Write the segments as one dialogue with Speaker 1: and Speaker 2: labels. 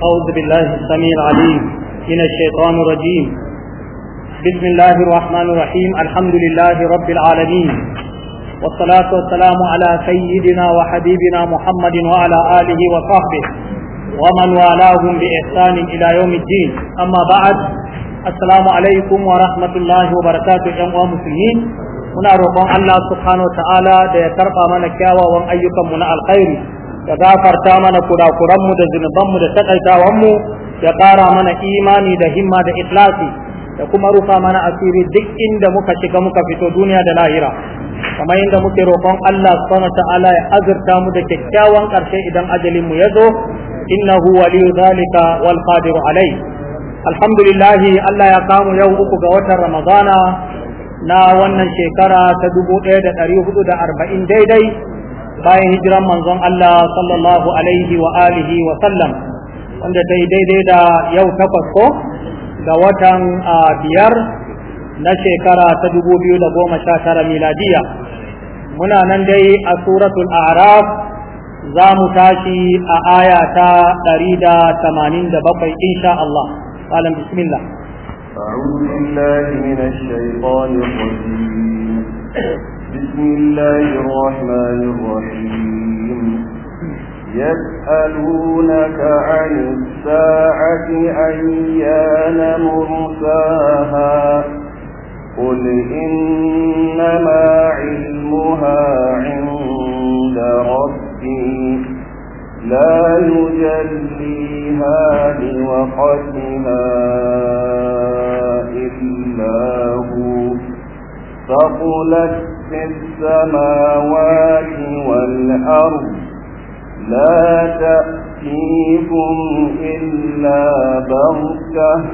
Speaker 1: أعوذ بالله السميع العليم من الشيطان الرجيم بسم الله الرحمن الرحيم الحمد لله رب العالمين والصلاة والسلام على سيدنا وحبيبنا محمد وعلى آله وصحبه ومن والاهم بإحسان إلى يوم الدين أما بعد السلام عليكم ورحمة الله وبركاته جمع المسلمين هنا roƙon الله سبحانه وتعالى da ya karɓa mana kyawawan ayyukanmu na ya gafarta mana kurakuranmu da zunubanmu da takaitawanmu ya ƙara mana imani da himma da ikhlasi da kuma rufa mana asiri duk inda muka shiga muka fito duniya da lahira kamar yadda muke roƙon Allah subhanahu ta'ala ya azurta mu da kyakkyawan ƙarshe idan ajalin mu ya zo innahu waliyu zalika wal qadiru alai alhamdulillah Allah ya kamu yau uku ga watan ramadana na wannan shekara ta 1440 daidai bayan hijiran manzon Allah sallallahu alaihi wa alihi wa sallam wanda ta yi daidai da yau takwas ko ga watan biyar na shekara ta dubu biyu da goma sha tara miladiya muna nan dai a suratul araf za mu tashi a aya ta ɗari da tamanin da bakwai insha Allah alam bismillah
Speaker 2: أعوذ بالله من الشيطان الرجيم بسم الله الرحمن الرحيم يسألونك عن الساعة أيان مرساها قل إنما علمها عند ربي لا يجليها لوقتها إلا هو ثقلت في السماوات والأرض لا تأتيكم إلا بغتة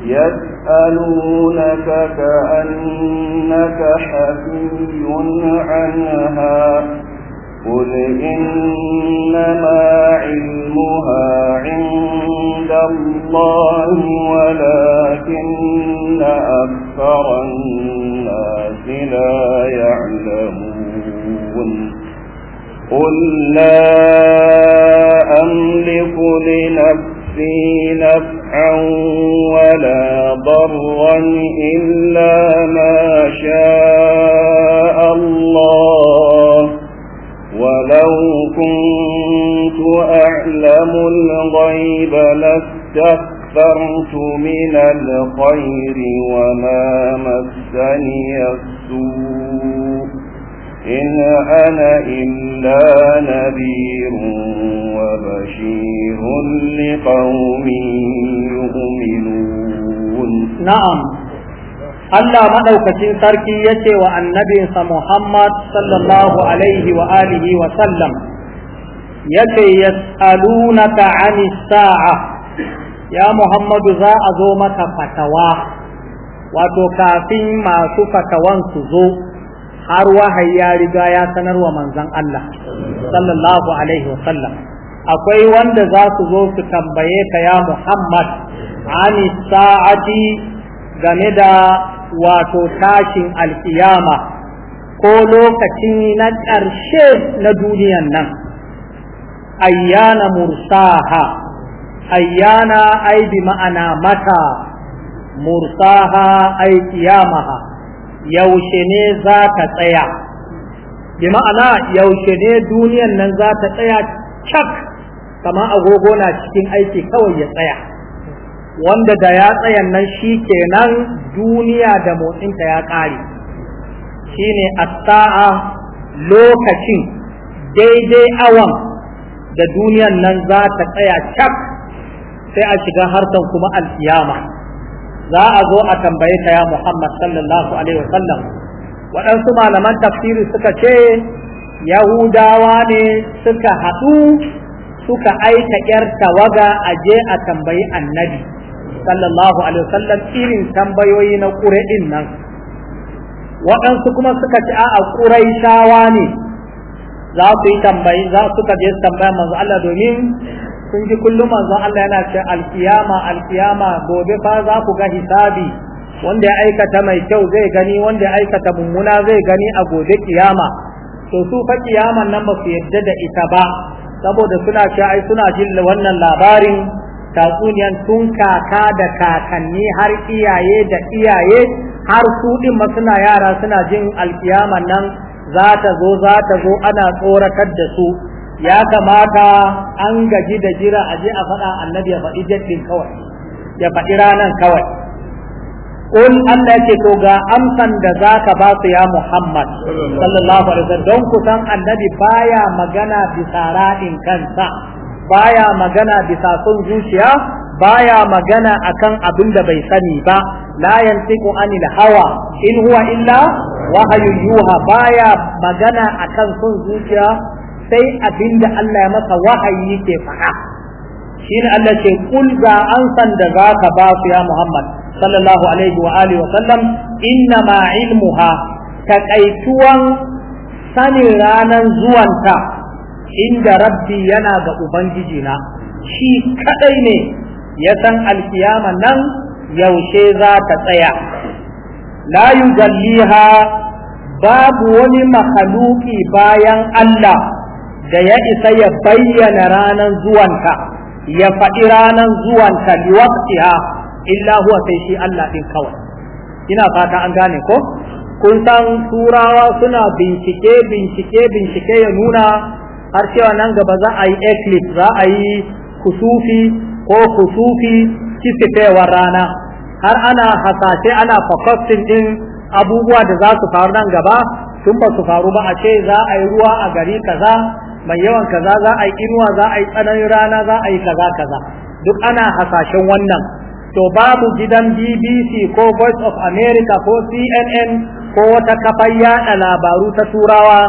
Speaker 2: يسألونك كأنك حفي عنها قل إنما علمها عند الله ولكن أكثر الناس الحق لا يعلمون قل لا أملك لنفسي نفعا ولا ضرا إلا ما شاء الله ولو كنت أعلم الغيب لاستكثرت من الخير وما مسني السوء إن أنا إلا نذير وبشير لقوم يؤمنون
Speaker 1: نعم الله مدوك تركية والنبي محمد صلى الله عليه وآله وسلم yake yas'alunaka 'ani as-sa'a ya muhammadu za a wato kafin masu fatawan su zo har wahayi ya riga ya sanarwa manzon Allah sallallahu alaihi wa sallam akwai wanda za su zo su tambaye ka ya Muhammad ani sa'ati game da wato tashin alkiyama ko lokaci na ƙarshe na duniyan nan ayyana mursaha ayyana ai ma'ana mata mursaha ay qiyamaha yaushe ne za ta tsaya bi ma'ana yaushe ne duniyan nan za ta tsaya cak kama agogo na cikin aiki kawai ya tsaya wanda da ya tsaya nan shi kenan duniya da motsinta ya ƙare shine as lokacin daidai awan da duniyan nan za ta tsaya cak sai a shiga harkan kuma alkiyama za a zo a tambaye ka ya Muhammad sallallahu alaihi wasallam waɗansu malaman tafsiri suka ce Yahudawa ne suka haɗu suka aika ƴar tawaga a je a tambayi annabi sallallahu alaihi wasallam irin tambayoyi na ƙure ɗin nan waɗansu kuma suka ce a ƙurai shawa ne za su yi tambayi za su ka je tambaya manzo Allah domin kun ji kullum manzon Allah yana ce alkiyama alkiyama gobe fa za ku ga hisabi wanda ya aikata mai kyau zai gani wanda ya aikata mummuna zai gani a gobe kiyama to su fa kiyaman nan ba su yadda da ita ba saboda suna ce ai suna jin wannan labarin tatsuniyan tun kaka da kakanni har iyaye da iyaye har su din ma suna yara suna jin alkiyaman nan za ta zo za ta zo ana tsoratar da su ya kamata an gaji da jira a je a faɗa annabi ya faɗi jaddin kawai ya faɗi ranan kawai kun Allah yake to ga amsan da za ka ba su ya Muhammad sallallahu alaihi wasallam don kusan annabi baya magana bisa ra'in kansa baya magana bisa son zuciya baya magana akan abin da bai sani ba la yantiqu anil hawa in huwa illa wahayu yuha baya magana akan son zuciya sai abinda Allah ya masa wahayi ke faɗa shine Allah ce kul an san da zaka ba su ya Muhammad sallallahu alaihi wa alihi wa sallam inna ma ilmuha takaituwan sanin ranan zuwanta inda rabbi yana ga ubangiji na shi kadai ne ya san alkiyama nan yaushe za ta tsaya la yujalliha babu wani mahaluki bayan Allah da ya isa ya bayyana ranan zuwanka ya faɗi ranar zuwanka liwaqtiha illa huwa sai shi Allah din kawai ina fata an gane ko kun san turawa suna bincike bincike bincike ya nuna har cewa nan gaba za a yi eclipse za a yi kusufi ko kusufi kisifewar rana har ana hasashe ana forecasting din abubuwa da za su faru nan gaba tun ba su faru ba a ce za a yi ruwa a gari kaza mai yawan kaza za a yi inuwa za a yi tsananin rana za a yi kaza kaza duk ana hasashen wannan to babu gidan bbc ko voice of america ko cnn ko wata kafar yada labaru ta turawa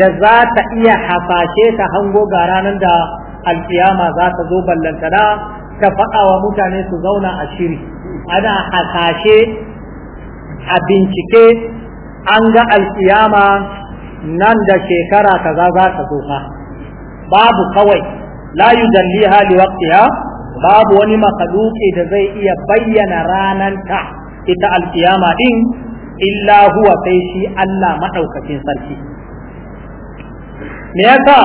Speaker 1: da za ta iya hasashe ta hango ga ranar da alkiyama za ta zo ballantana ta faɗa wa mutane su zauna a shiri ana hasashe a bincike an ga alkiyama nan da shekara kaza za ta zo fa babu kawai la yujalliha liwaqtiha babu wani makhluqi da zai iya bayyana rananta ita alkiyama din illa huwa sai shi Allah maɗaukacin sarki me yasa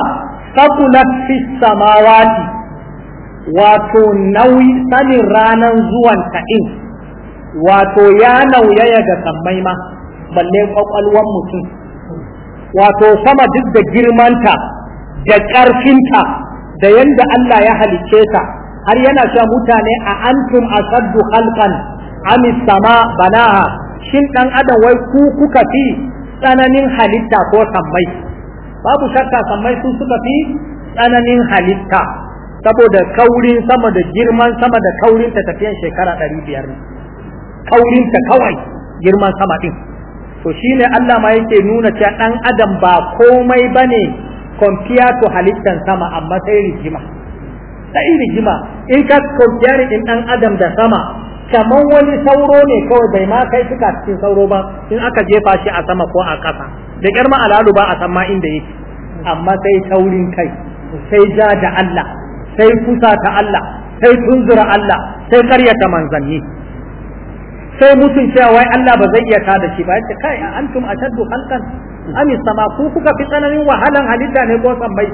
Speaker 1: saqulat fis samawati wato nauyi sanin ranan zuwan ta din wato ya nauyaya ga sammai ma balle kwakwalwan mutum wato sama duk da girmanta da ƙarfinta da yanda Allah ya halicce ta har yana sha mutane a antum asaddu khalqan am sama banaha shin dan adam wai ku kuka fi tsananin halitta ko sammai babu shakka sammai su suka fi tsananin halitta saboda kaurin sama da girman sama da kaurin ta tafiyan shekara 500 ne kaurin ta kawai girman sama din to shine Allah ma yake nuna cewa dan adam ba komai bane compare to halittan sama amma sai rigima sai rigima in ka compare in dan adam da sama kamar wani sauro ne kawai bai ma kai suka cikin sauro ba in aka jefa shi a sama ko a ƙasa da ƙyar alalu ba a sama inda yake amma sai taurin kai sai ja da Allah sai kusa ta Allah sai tunzura Allah sai karyata manzanni sai mutum cewa wai Allah ba zai iya da shi ba yace kai antum ashaddu khalqan am sama ku kuka fi tsananin wahalan halitta ne ko sammai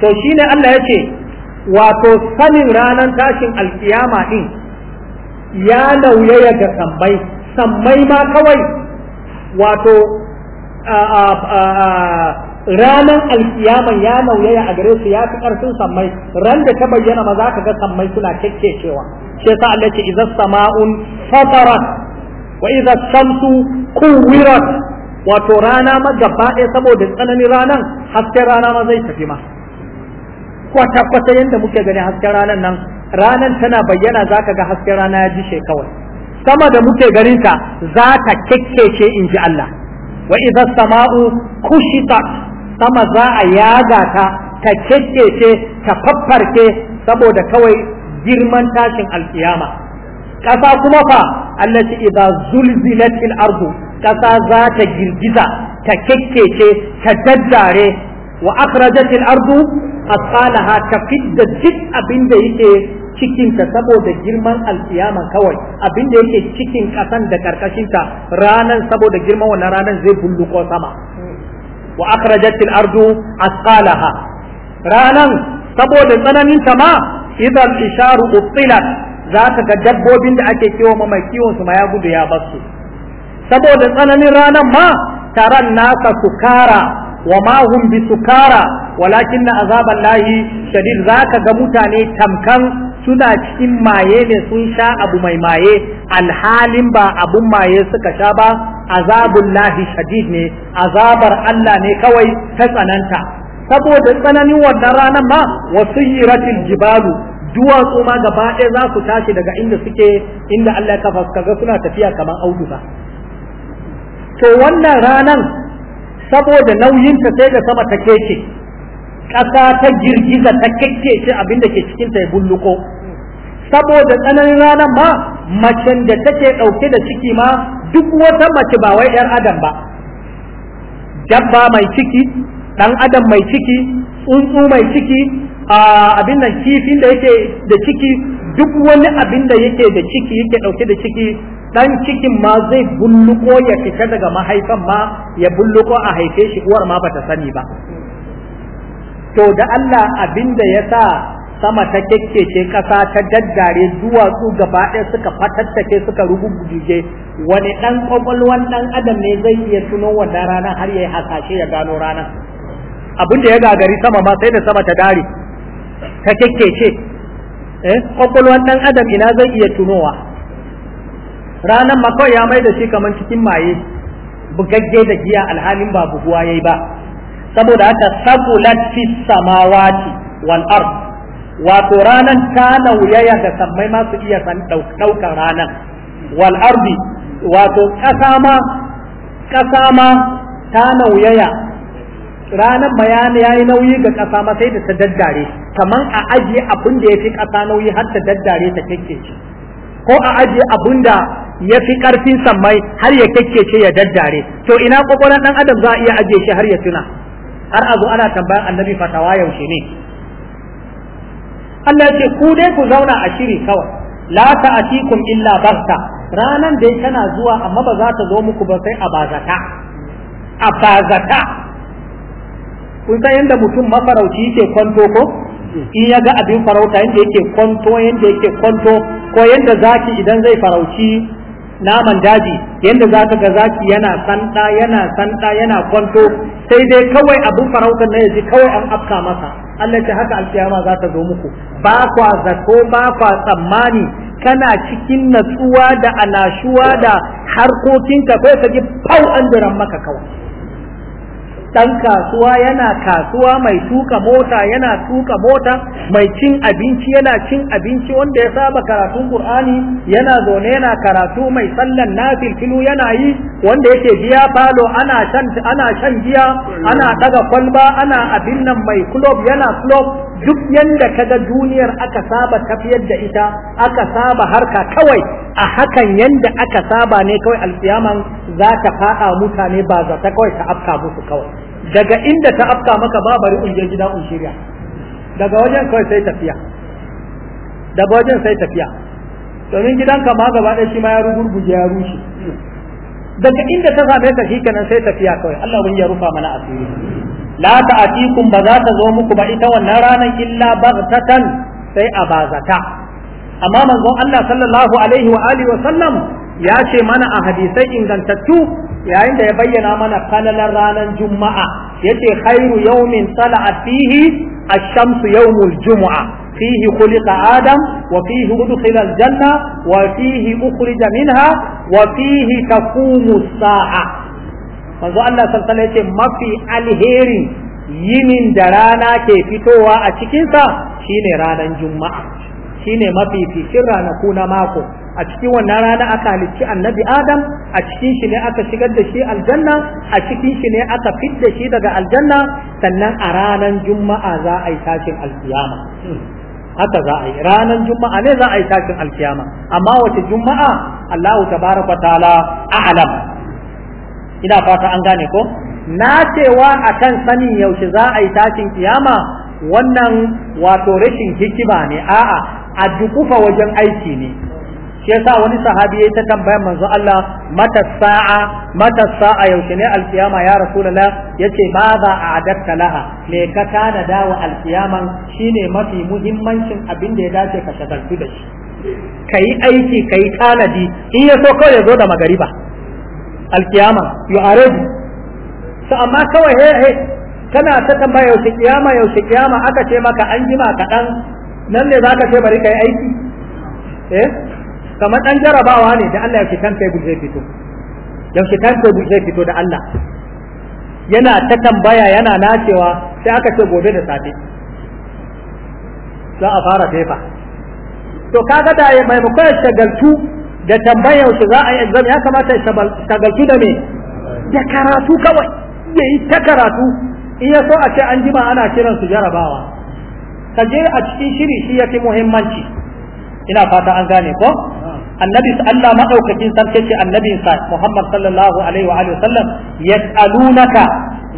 Speaker 1: to shine Allah yace wato sanin ranar tashin alkiyama din ya lauyaya ga sammai sammai ma kawai wato ranan alkiyama ya lauyaya a gare su ya fi ƙarfin sammai ran da ta bayyana ma za ka ga sammai suna cewa sai sa Allah ce idza sama'un fatarat wa idza shamsu kuwirat wato rana ma gaba ɗaya saboda tsananin ranan hasken rana ma zai tafi ma kwata kwata yanda muke gani hasken ranan nan ranan tana bayyana za ka ga hasken rana ya jishe kawai sama da muke ganin ta za ta kekkece in ji Allah wa idza sama'u kushitat sama za a yaga ta ta kekkece ta faffarke saboda kawai girman tashin alkiyama ƙasa kuma fa allati idza zulzilatil ardu ƙasa za ta girgiza ta kekkece ta daddare wa akhrajatil ardu asqalaha ta fidda duk abin da yake cikinta saboda girman alkiyama kawai abin da yake cikin ƙasan da karkashinta ranan saboda girman wannan ranan zai bulluko sama wa akhrajat al-ardu asqalaha ranan saboda tsananin ta ma idan isharu uttilat za ka ga dabbobin da ake kiwo ma mai kiwon su ma ya gudu ya basu saboda tsananin ranan ma taron nasa su kara wa ma hum bisukara walakin azaban lahi shadid zaka ga mutane tamkan suna cikin maye ne sun sha abu mai maye alhalin ba abun maye suka sha ba azabun lahi shadid ne azabar Allah ne kawai ta tsananta saboda tsananin wannan ranar ma wasu yiratil jibalu duwatsu ma gaba ɗaya za su tashi daga inda suke inda Allah ya kafa su kaga suna tafiya kamar auduga to wannan ranan saboda nauyinta sai da sama ta keke ƙasa ta girgiza ta kakke shi abin da ke cikin ta ya bulluko saboda tsananin ranar ma macen da take ɗauke da ciki ma duk wata mace ba wai 'yar adam ba dabba mai ciki ɗan adam mai ciki tsuntsu mai ciki abin nan kifin da yake da ciki duk wani abin da yake da ciki yake ɗauke da ciki ɗan cikin ma zai bulluko ya fita daga mahaifan ma ya bulluko a haife shi uwar ma bata sani ba to da Allah abinda ya sa sama ta kekkece ƙasa ta daddare duwatsu gaba ɗaya suka fatattake suka rububuje wani ɗan ƙwaƙwalwan ɗan adam ne zai iya tuno wannan rana har ya yi hasashe ya gano ranar abin da ya gagari sama ma sai da sama ta dare ta kekkece eh ƙwaƙwalwan ɗan adam ina zai iya tunowa ranar ma kawai ya mai da shi kamar cikin maye bugagge da giya alhalin ba buguwa ya yi ba saboda haka sabulat fi samawati wal ard wato ranan ta nauyaya da sammai ma su iya san daukan ranan wal ardi wato kasa ma kasa ma ta nauyaya ranan bayani ya yi nauyi ga kasa ma sai da ta daddare kaman a ajiye abin da ya fi kasa nauyi har ta daddare ta kike ko a ajiye abin da ya fi ƙarfin sammai har ya kyakkece ya daddare to ina kokorin ɗan adam za a iya ajiye shi har ya tuna har a zo ana tambayan annabi fatawa yaushe ne Allah ya ce ku dai ku zauna a shiri kawai la ta'atikum illa barta ranan dai tana zuwa amma ba za ta zo muku ba sai a bazata a kun san yadda mutum mafarauci yake kwanto ko in ya ga abin farauta yadda yake kwanto yadda yake kwanto ko yadda zaki idan zai farauci naman daji yadda za ka ga zaki yana sanda yana sanda yana kwanto sai dai kawai abu farautar na yaji kawai an afka masa Allah ce haka alkiyama za ta zo muku ba kwa zato ba kwa tsammani kana cikin natsuwa da anashuwa da harkokinka kai ka ji pau an maka kawai dan kasuwa yana kasuwa mai tuka mota yana tuka mota mai cin abinci yana cin abinci wanda ya saba karatun qur'ani yana zaune yana karatu mai sallan nafil filu yana yi wanda yake biya falo ana shan ana shan giya ana daga kwalba ana abin nan mai club yana club duk yadda ka ga duniyar aka saba tafiyar da ita aka saba harka kawai a hakan yadda aka saba ne kawai alkiyaman za ta faɗa mutane ba za ta kawai ta afka musu kawai daga inda ta afka maka ba bari in gida in shirya daga wajen kawai sai tafiya daga wajen sai tafiya domin gidanka ma gaba ɗaya shi ma ya rugurguje ya rushe daga inda ta same ta shi kenan sai tafiya kawai Allah ya rufa mana asiri la ta'atikum ba za ta zo muku ba ita wannan ranar illa baghtatan sai a bazata amma manzon Allah sallallahu alaihi wa wa sallam ya ce mana a hadisai ingantattu yayin da ya bayyana mana kalalar ranar juma'a yace khairu yawmin sala'at fihi ash-shamsu yawmul jumu'a فيه خلق آدم وفيه أدخل الجنة وفيه أخرج منها وفيه تقوم الساعة manzo Allah sallallahu alaihi wasallam mafi alheri yinin da rana ke fitowa a cikinsa shine ranar juma'a shine mafi fikin ranaku na mako a cikin wannan rana aka halicci annabi adam a cikin shi ne aka shigar da shi aljanna a cikin shi ne aka fidda shi daga aljanna sannan a ranar juma'a za a yi tashin alkiyama haka za a yi ranar juma'a ne za a yi tashin alkiyama amma wace juma'a Allahu tabaraka ta'ala a'lam ina fata an gane ko na cewa akan sanin yaushe za a yi tashin kiyama wannan wato rashin hikima ne a'a a dukufa wajen aiki ne shi yasa wani sahabi ya ta tambayar manzo Allah mata sa'a mata sa'a yaushe ne alkiyama ya rasulullah yace ma za a adatta laha me ka tana dawa alkiyaman shine mafi muhimmancin abin da ya dace ka shagaltu da
Speaker 3: shi
Speaker 1: kai aiki kayi tanadi in ya so kawai ya zo da magariba alkiyama yu arabu sa amma kawai he he kana ta tambaya yaushe kiyama yaushe kiyama aka ce maka an jima kaɗan nan ne zaka ce bari kai aiki eh kamar dan jarabawa ne da Allah yaushe kan kai guje fito yaushe kan kai guje fito da Allah yana ta tambaya yana nacewa sai aka ce gobe da safe za a fara tefa to kaga da mai maimakon shagaltu da tambayar shi za a yi exam ya kamata ya shagaltu da me da karatu kawai ya yi ta karatu in ya so a ce an jima ana kiran su jarabawa ka je a cikin shiri shi ya fi muhimmanci ina fata an gane ko annabi Allah madaukakin sarkin ce annabinsa Muhammad sallallahu alaihi wa alihi wasallam yas'alunaka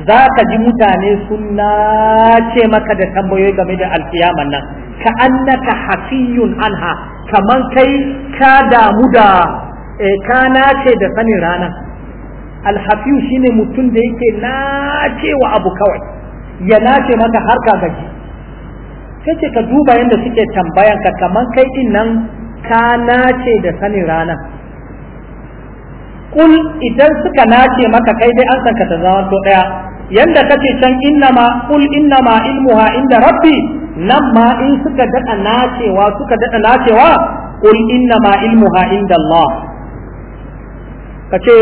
Speaker 1: za ka ji mutane sun nace maka da tambayoyi game da alkiyaman nan ka annaka hafiyun anha kamar kai ka damu da eh, ka nace da sanin rana. alhafiyu shine mutum da yake nace wa abu kawai ya nace maka har ka gaji sai ce ka duba yadda suke tambayan ka kai din nan ka nace da sanin rana. kul idan suka nace maka kai dai an san ka ta zama to daya yanda kace can innama qul innama ilmuha inda rabbi nan ma in suka dada nacewa suka dada nacewa qul innama ilmuha inda Allah kace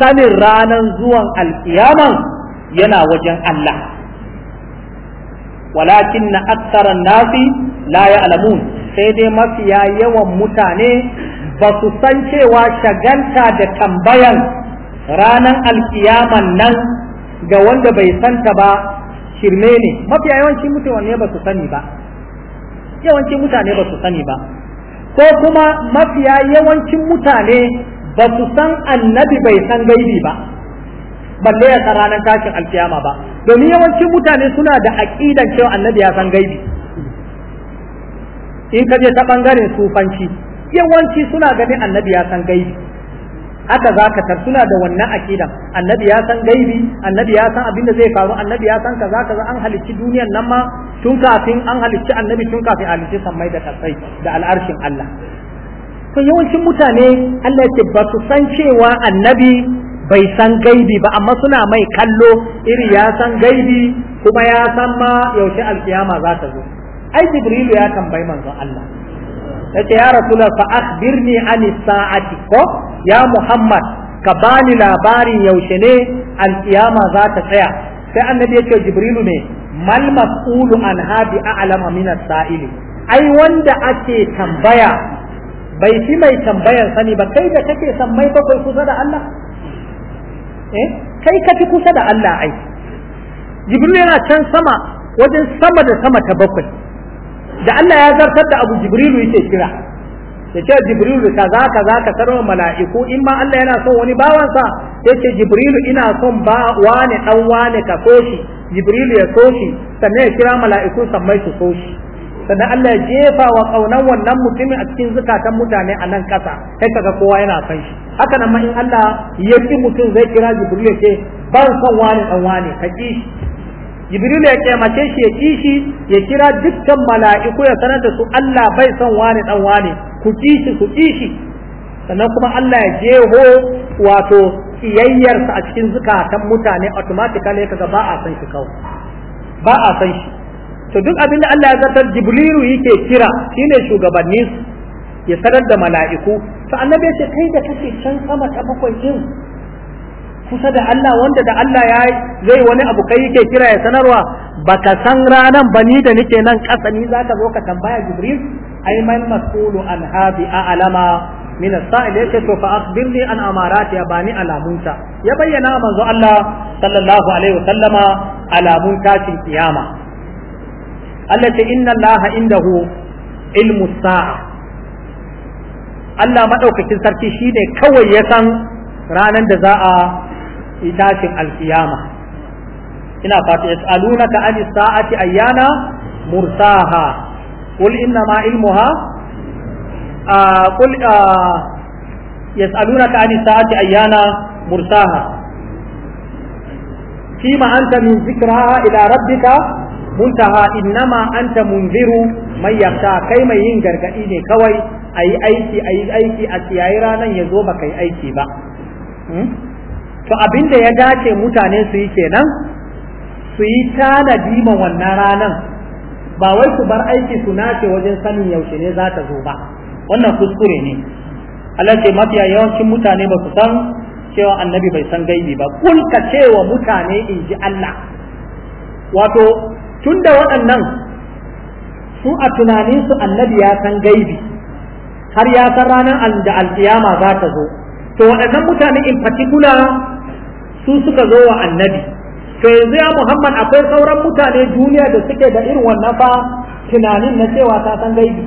Speaker 1: sanin ranan zuwan alƙiyaman yana wajen Allah walakin na aksaran nasi la ya'lamun sai dai mafiya yawan mutane ba su san cewa shaganta da tambayan ranan alkiyaman nan ga wanda bai santa ba shirme ne mafi yawanci mutane ba su sani ba yawanci mutane ba su sani ba ko kuma mafiya yawancin mutane ba su san annabi bai san gaibi ba balle ya san ranar tashin alkiyama ba domin yawancin mutane suna da aƙidan cewa annabi ya san gaibi in ka je ta ɓangaren sufanci yawanci suna ganin annabi ya san gaibi haka zaka ka suna da wannan akidan annabi ya san gaibi annabi ya san abin da zai faru annabi ya san kaza kaza an halicci duniyan nan ma tun kafin an halicci annabi tun kafin halicci sammai da kasai da al'arshin Allah to yawancin mutane Allah ya ce ba su san cewa annabi bai san gaibi ba amma suna mai kallo iri ya san gaibi kuma ya san ma yaushe alkiyama za ta zo ai jibrilu ya tambayi manzon Allah yace ya rasulullah fa akhbirni an sa'ati ko ya Muhammad ka bani labarin yaushe ne alkiyama za ta tsaya sai annabi ya ce Jibrilu ne mal mas'ulu an hadi a'lama min as-sa'ili ai wanda ake tambaya bai fi mai tambayar sani ba kai da kake san mai bakwai kusa da Allah eh kai ka fi kusa da Allah ai Jibril yana can sama wajen sama da sama ta bakwai da Allah ya zartar da Abu Jibrilu yake kira ya ce jibrilu kaza kaza ka tarwa mala'iku in ma Allah yana son wani bawansa ya ce jibrilu ina son ba wani dan wani ka so jibrilu ya so shi sannan ya kira mala'iku sammai su so shi sannan Allah ya jefa wa kaunan wannan mutumin a cikin zukatan mutane a nan kasa kai kaga kowa yana son shi haka nan ma in Allah ya fi mutum zai kira jibrilu ya ce ban son wani dan wani ka jibril ya taimake shi ya kishi ya kira dukkan mala'iku ya sanar da su Allah bai son wani dan wani ku kishi ku kishi sannan kuma Allah ya jeho wato kiyayyarsa a cikin zukatan mutane automatically kaga ba a san shi kawai ba a san shi to duk abinda da Allah ya zartar jibrilu yake kira shine shugabanni ya sanar da mala'iku to annabi ya ce kai da kake can sama ta bakwai din kusa da Allah wanda da Allah ya zai wani abu kai yake kira ya sanarwa baka san ranan bani da nake nan ƙasa ni ka zo ka tambaya Jibril ai man masulu an a alama min as-sa'il yake to fa akhbirni an amarati ya bani alamunta ya bayyana manzo Allah sallallahu alaihi wa sallama alamun tashin kiyama Allah ce inna Allah indahu ilmu sa'a Allah madaukakin sarki shine kawai ya san ranan da za a itashin alkiyama ina fata yas'alunaka ani sa'ati ayyana mursaha Kul inna ma ilmuha qul yas'alunaka ani sa'ati ayyana mursaha فيما أنت من ذكرها إلى ربك منتهى إنما أنت منذر من يخشى كيما ينجر كإيني كوي أي ranar ya zo ba يزوبك أي أيكي با to abin da ya dace mutane su yi kenan su yi tanadi ma wannan ranan ba wai su bar aiki su nace wajen sanin yaushe ne za ta zo ba wannan kuskure ne Allah ce mafiya yawancin mutane ba su san cewa annabi bai san gaibi ba kun ka cewa mutane in ji Allah wato tun da waɗannan su a tunaninsu annabi ya san gaibi har ya san ranar da alkiyama za ta zo to waɗannan mutane in fatikula su suka zo wa annabi to yanzu ya muhammad akwai sauran mutane duniya da suke da irin wannan fa tunanin na cewa ta san gaibi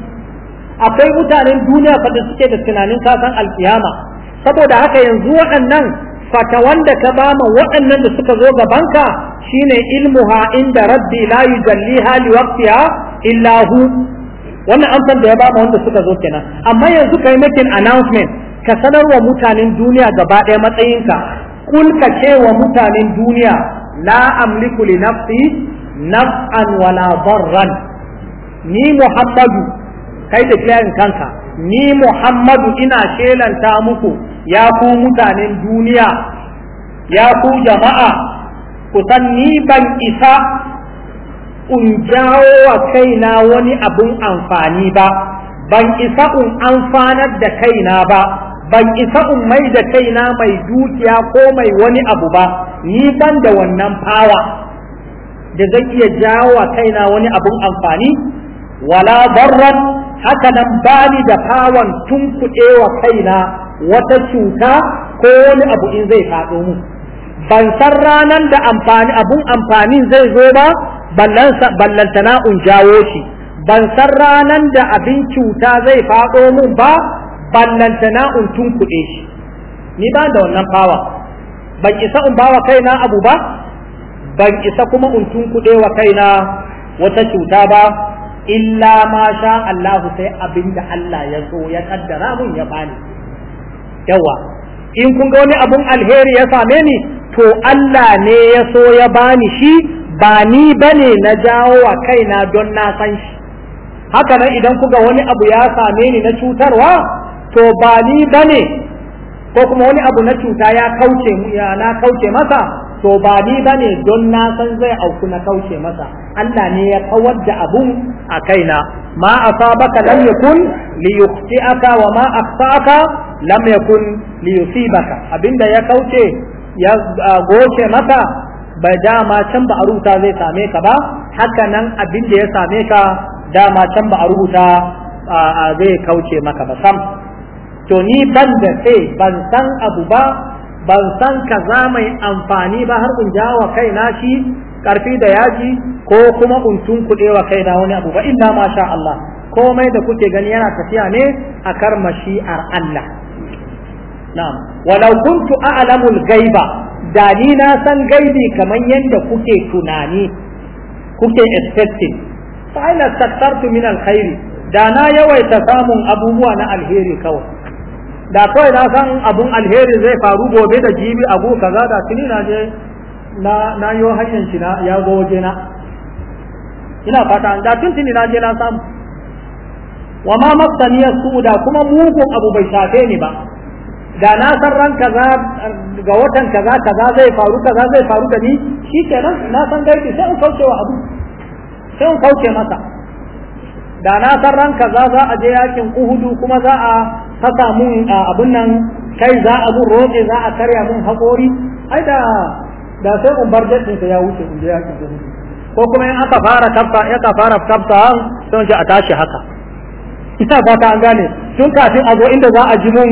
Speaker 1: akwai mutanen duniya fa da suke da tunanin ta san alkiyama saboda haka yanzu waɗannan fata wanda ka bama waɗannan da suka zo gabanka shine ilmuha inda rabbi la yujalliha liwaqtiha illa hu wannan amsar da ya bama wanda suka zo kenan amma yanzu kai making announcement ka sanarwa mutanen duniya gaba ɗaya matsayinka kulka ce wa mutanen duniya la amliku li nafsi naf'an wala darran ni muhammadu kai da kiyayen kanka ni muhammadu ina shelanta muku ya ku mutanen duniya ya ku jama'a san ni ban isa in jawo wa kaina wani abun amfani ba ban isa in amfanar da kaina ba ban isa in mai da kaina mai dukiya ko mai wani abu ba ni ban da wannan fawa da zai iya jawo kaina wani abun amfani wala barran haka nan bani da fawan tunkuɗewa kaina wata cuta ko wani abu in zai faɗo mu ban san ranan da amfani abun amfanin zai zo ba ballantana in jawo shi ban san ranan da abin cuta zai faɗo mun ba ballantana in tunkuɗe shi ni ba da wannan bawa ban isa in bawa kaina abu ba ban isa kuma untun kuɗe wa kaina wata cuta ba illa ma sha Allah sai abinda Allah ya so ya kaddara mun ya bani yawa in kun ga wani abun alheri ya same ni to Allah ne ya so ya bani shi ba ni bane na jawo wa kaina don na san shi haka nan idan kuga wani abu ya same ni na cutarwa to ba ni bane ko kuma wani abu na cuta ya kauce ya na kauce masa to ba ni bane don na san zai auku na kauce masa Allah ne ya kawar da abun a kaina ma asabaka lam yakun li yukhti'aka wa ma akhta'aka lam yakun li yusibaka abinda ya kauce ya goce maka ba dama can ba a rubuta zai same ka ba haka nan abin da ya same ka dama can ba a rubuta zai kauce maka ba sam to ni ban da sai ban san abu ba ban san kaza mai amfani ba har in jawa kaina shi karfi da yaji ko kuma in tunkuɗewa kaina wani abu ba inna ma sha Allah komai da kuke gani yana tafiya ne a kar ar Allah na'am walau kuntu a'lamul gaiba da ni na san gaibi kamar yadda kuke tunani kuke expecting fa ila min alkhairi da na yawaita samun abubuwa na alheri kawai da kawai na san abun alheri zai faru gobe da jibi abu kaza da tuni na je na na yo hanyar shi na ya zo waje na ina fata da tun tuni na je na samu wa ma masaniya su da kuma mugun abu bai shafe ni ba da na san ran kaza ga watan kaza kaza zai faru kaza zai faru da ni kenan na san gaiti sai in kauce wa abu sai in kauce masa da na san ranka za za a je yakin uhudu kuma za a fasa mun abun nan kai za a mun roƙe za a karya mun haƙori ai da da sai umbar jaddinsa ya wuce in je yakin uhudu ko kuma in aka fara kafta ya ka fara kafta don ji a tashi haka ita ba ta an gane tun kafin a zo inda za a ji mun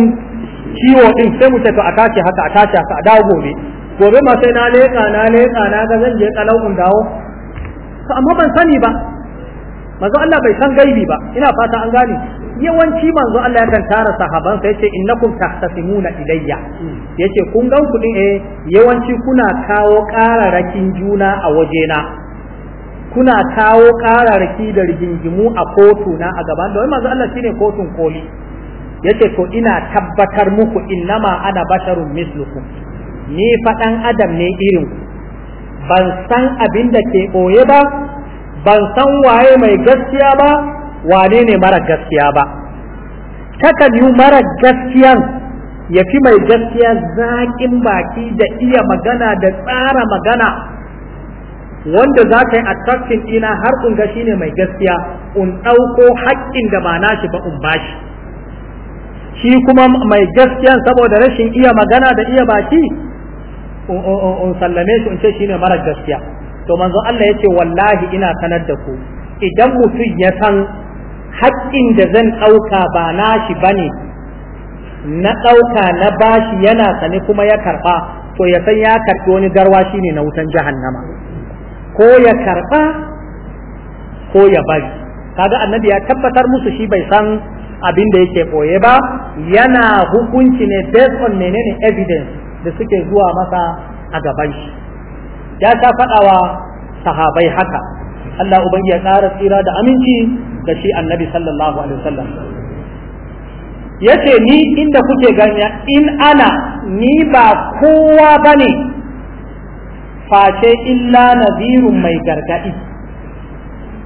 Speaker 1: ciwo din sai mu ce to a tashi haka a tashi haka a dawo gobe gobe ma sai na leƙa na leƙa na ga zan je kalau in dawo amma ban sani ba manzo Allah bai san gaibi ba ina fata an gane yawanci manzo Allah yakan tara sahaban sai yace innakum tahtasimuna ilayya yace kun gan ku din eh yawanci kuna kawo kararakin juna a wajena kuna kawo kararaki da rigingimu a kotu na a gaban da manzo Allah shine kotun koli yace to ina tabbatar muku innama ana basharun mislukum ni fadan adam ne irin ban san abin da ke boye ba ban san waye mai gaskiya ba wane ne mara gaskiya ba takan yi mara gaskiyan ya fi mai gaskiya zaƙin baki da iya magana da tsara magana wanda za ka yi attracting ina har unga shi ne mai gaskiya un ɗauko haƙƙin da ba nashi ba un bashi shi kuma mai gaskiyan saboda rashin iya magana da iya baki un sallame shi un ce shi ne mara gaskiya to manzo Allah yace wallahi ina sanar da ku idan mutum ya san haƙƙin da zan ɗauka ba nashi bane na ɗauka na bashi yana sane kuma ya karɓa to ya san ya karɓi wani garwa shine na wutan jahannama ko ya karɓa ko ya bari kaga annabi ya tabbatar musu shi bai san abin da yake koye ba yana hukunci ne based on menene evidence da suke zuwa masa a gaban shi ya ta faɗawa sahabai haka Allah ubangiya ya ƙara tsira da aminci da shi annabi sallallahu alaihi wasallam yace ni inda kuke ganya in ana ni ba kowa bane face illa Naziru mai gargadi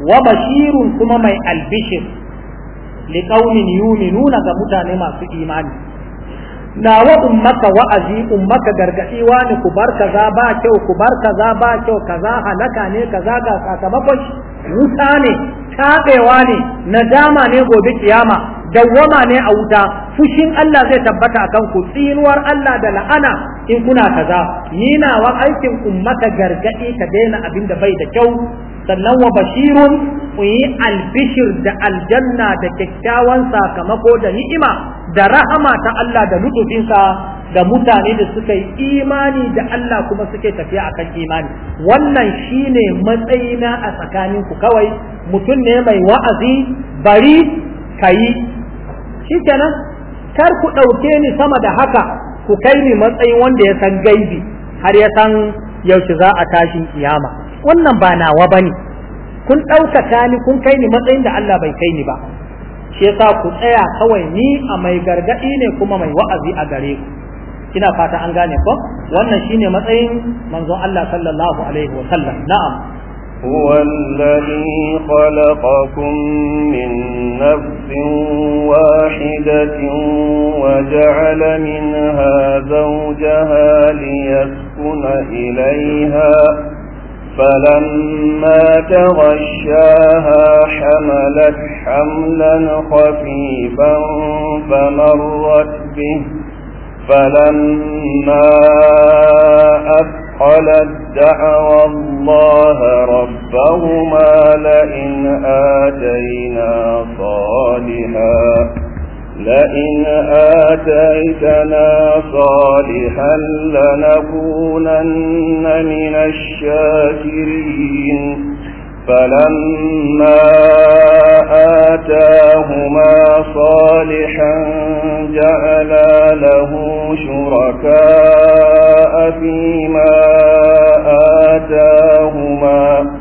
Speaker 1: wa bashirun kuma mai albishir liqaumin yu'minuna ga mutane masu imani na wa ummaka wa'azi ummaka gargadi wani ku bar kaza ba kyau ku bar kaza ba kyau kaza halaka ne kaza ga sakamakon wuta ne tabewa ne nadama ne gobe kiyama dawwama ne a wuta fushin Allah zai tabbata akan ku tsinuwar Allah da la'ana in kuna kaza ni nawa aikin ummata gargaɗi ka daina abin da bai da kyau sannan wa bashirun ku yi albishir da aljanna da kyakkyawan sakamako da ni'ima da rahama ta Allah da lutufinsa da mutane da suka yi imani da Allah kuma suke tafiya akan imani wannan shine matsayina a tsakanin ku kawai mutum ne mai wa'azi bari kayi shikenan kar ku ɗauke ni sama da haka ku kai ni matsayin wanda ya san gaibi har ya san yaushe za a tashi kiyama wannan ba nawa bane kun ɗaukaka ni kun kai ni matsayin da Allah bai kai ni ba shi yasa ku tsaya kawai ni a mai gargadi ne kuma mai wa'azi a gare ku Kina fata an gane ko wannan shine matsayin manzon Allah sallallahu alaihi wa sallam na'am
Speaker 2: هو الذي خلقكم من نفس واحدة وجعل منها زوجها ليسكن إليها فلما تغشاها حملت حملا خفيفا فمرت به فلما أثقلت دعوى الله ربهما لئن آتينا صالحا لئن آتيتنا صالحا لنكونن من الشاكرين فلما آتاهما صالحا جعلا شركاء فيما آتاهما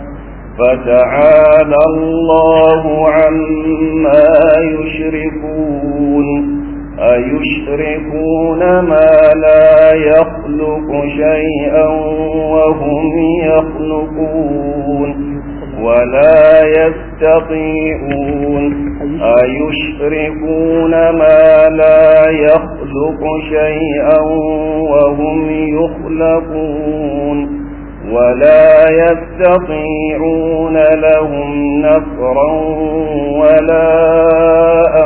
Speaker 2: فتعالى الله عما يشركون أيشركون ما لا يخلق شيئا وهم يخلقون
Speaker 3: ولا
Speaker 2: يستطيعون أيشركون ما لا يخلق يخلق شيئا وهم يخلقون
Speaker 3: ولا
Speaker 2: يستطيعون لهم نفرا ولا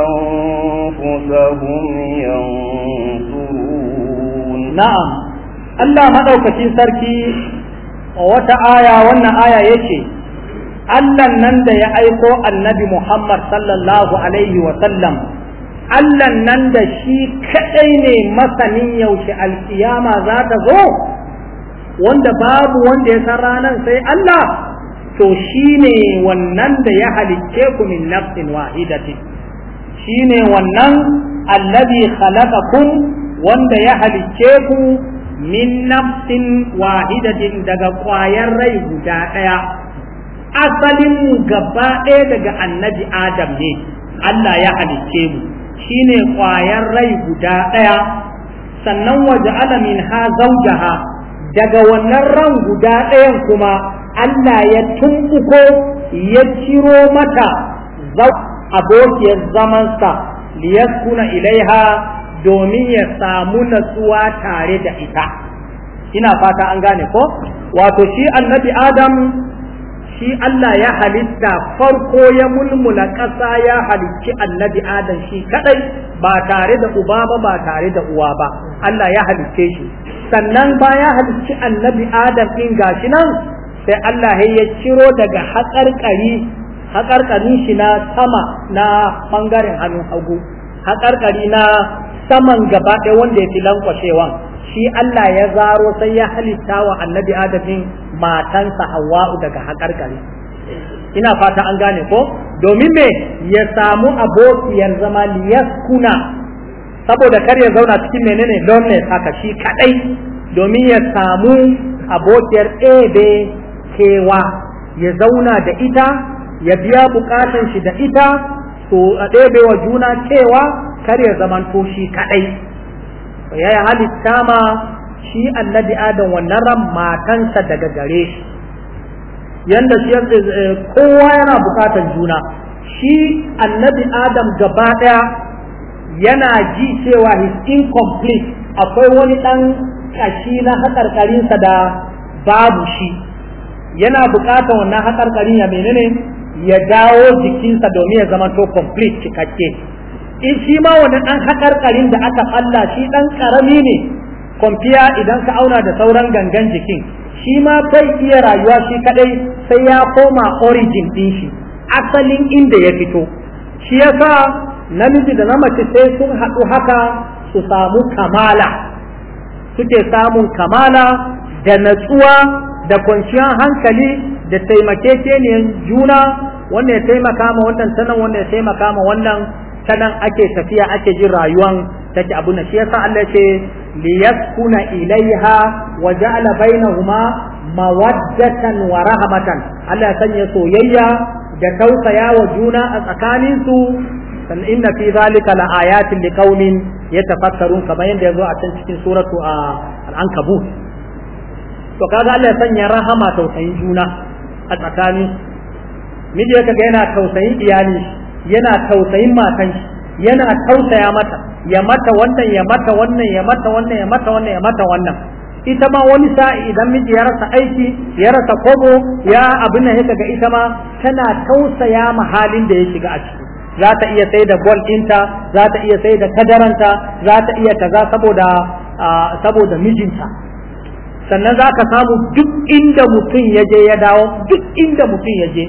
Speaker 2: أنفسهم ينصرون
Speaker 1: نعم الله مدوكة سركي وتآية وانا آية يشي Allah nan da ya aiko annabi Muhammad sallallahu Alaihi sallam Allah nan da shi kaɗai ne masanin yaushe alkiyama za ta zo wanda babu wanda ya san ranar sai Allah to shi ne wannan da ya halicce ku min nafsin wahidatin shi ne wannan allazi khalaqakum wanda ya halicce ku min nafsin wahidatin daga ƙwayar rai guda ɗaya asalin gaba ɗaya daga annabi adam ne Allah ya halicce mu shine ƙwayar rai guda ɗaya sannan waje alamin ha zaujaha daga wannan ran guda ɗayan kuma Allah ya tumɓuko ya ciro mata abokiyar zamansa liyaskuna ilaiha domin ya samu natsuwa tare da ita ina fata an gane ko wato shi annabi adam shi Allah ya halitta farko ya mulmula ƙasa ya halicci annabi Adam shi kadai ba tare da uba ba ba tare da uwa ba Allah ya halicce shi sannan ba ya halicci annabi Adam in gashi nan sai Allah ya ciro daga haƙarƙari shi na sama na bangaren hannun hagu haƙarƙari na saman gaba ɗaya wanda ya fi kwashewan. shi Allah ya zaro sai ya halitta wa annabi adamin matansa hawa'u daga haƙarƙari ina fata an gane ko domin me ya samu abokiyar zama liyaskuna saboda kar ya zauna cikin menene loneliness haka shi kadai domin ya samu abokiyar ebe kewa ya zauna da ita ya biya bukatun shi da ita to a ɗebe juna cewa kar ya zamanto shi kadai ya yi halitta ma shi annabi adam wannan ran matansa daga gare shi yanda shi eh, kowa yana bukatar juna shi annabi adam gaba daya yana ji cewa his incomplete akwai wani dan kashi na sa da babu shi yana bukatar wannan hakarkarin ya menene ya dawo jikinsa domin ya zama to complete cikakke in shi ma wani ɗan haƙarƙarin da aka falla shi ɗan ƙarami ne kwamfiya idan ka auna da sauran gangan jikin shi ma bai iya rayuwa shi kaɗai sai ya koma origin ɗin shi asalin inda ya fito shi ya sa namiji da na mace sai sun haɗu haka su samu kamala suke samun kamala da natsuwa da kwanciyar hankali da taimake taimakekeniyar juna wannan ya taimaka ma wannan sanan wannan ya taimaka ma wannan ta nan ake tafiya ake jin rayuwan take abu na shi yasa Allah ce liyaskuna ilaiha wa ja'ala bainahuma mawaddatan wa rahmatan Allah ya sanya soyayya da tausaya wa juna a tsakanin su san inna fi zalika la ayatin liqaumin yatafakkarun kamar yadda yazo a can cikin suratu al-ankabut to kaga Allah ya sanya rahama tausayin juna a tsakanin miji kaga yana tausayin iyali yana tausayin matan shi yana tausaya mata ya mata wannan ya mata wannan ya mata wannan ya mata wannan ya mata wannan ita ma wani sa'i idan miji ya rasa aiki ya rasa kobo ya abin nan ga ita ma tana tausaya ma halin da ya shiga a ciki za ta iya sai da gol ɗinta za ta iya sai da kadaranta za ta iya kaza saboda saboda mijinta sannan za ka samu duk inda mutum ya je ya dawo duk inda mutum ya je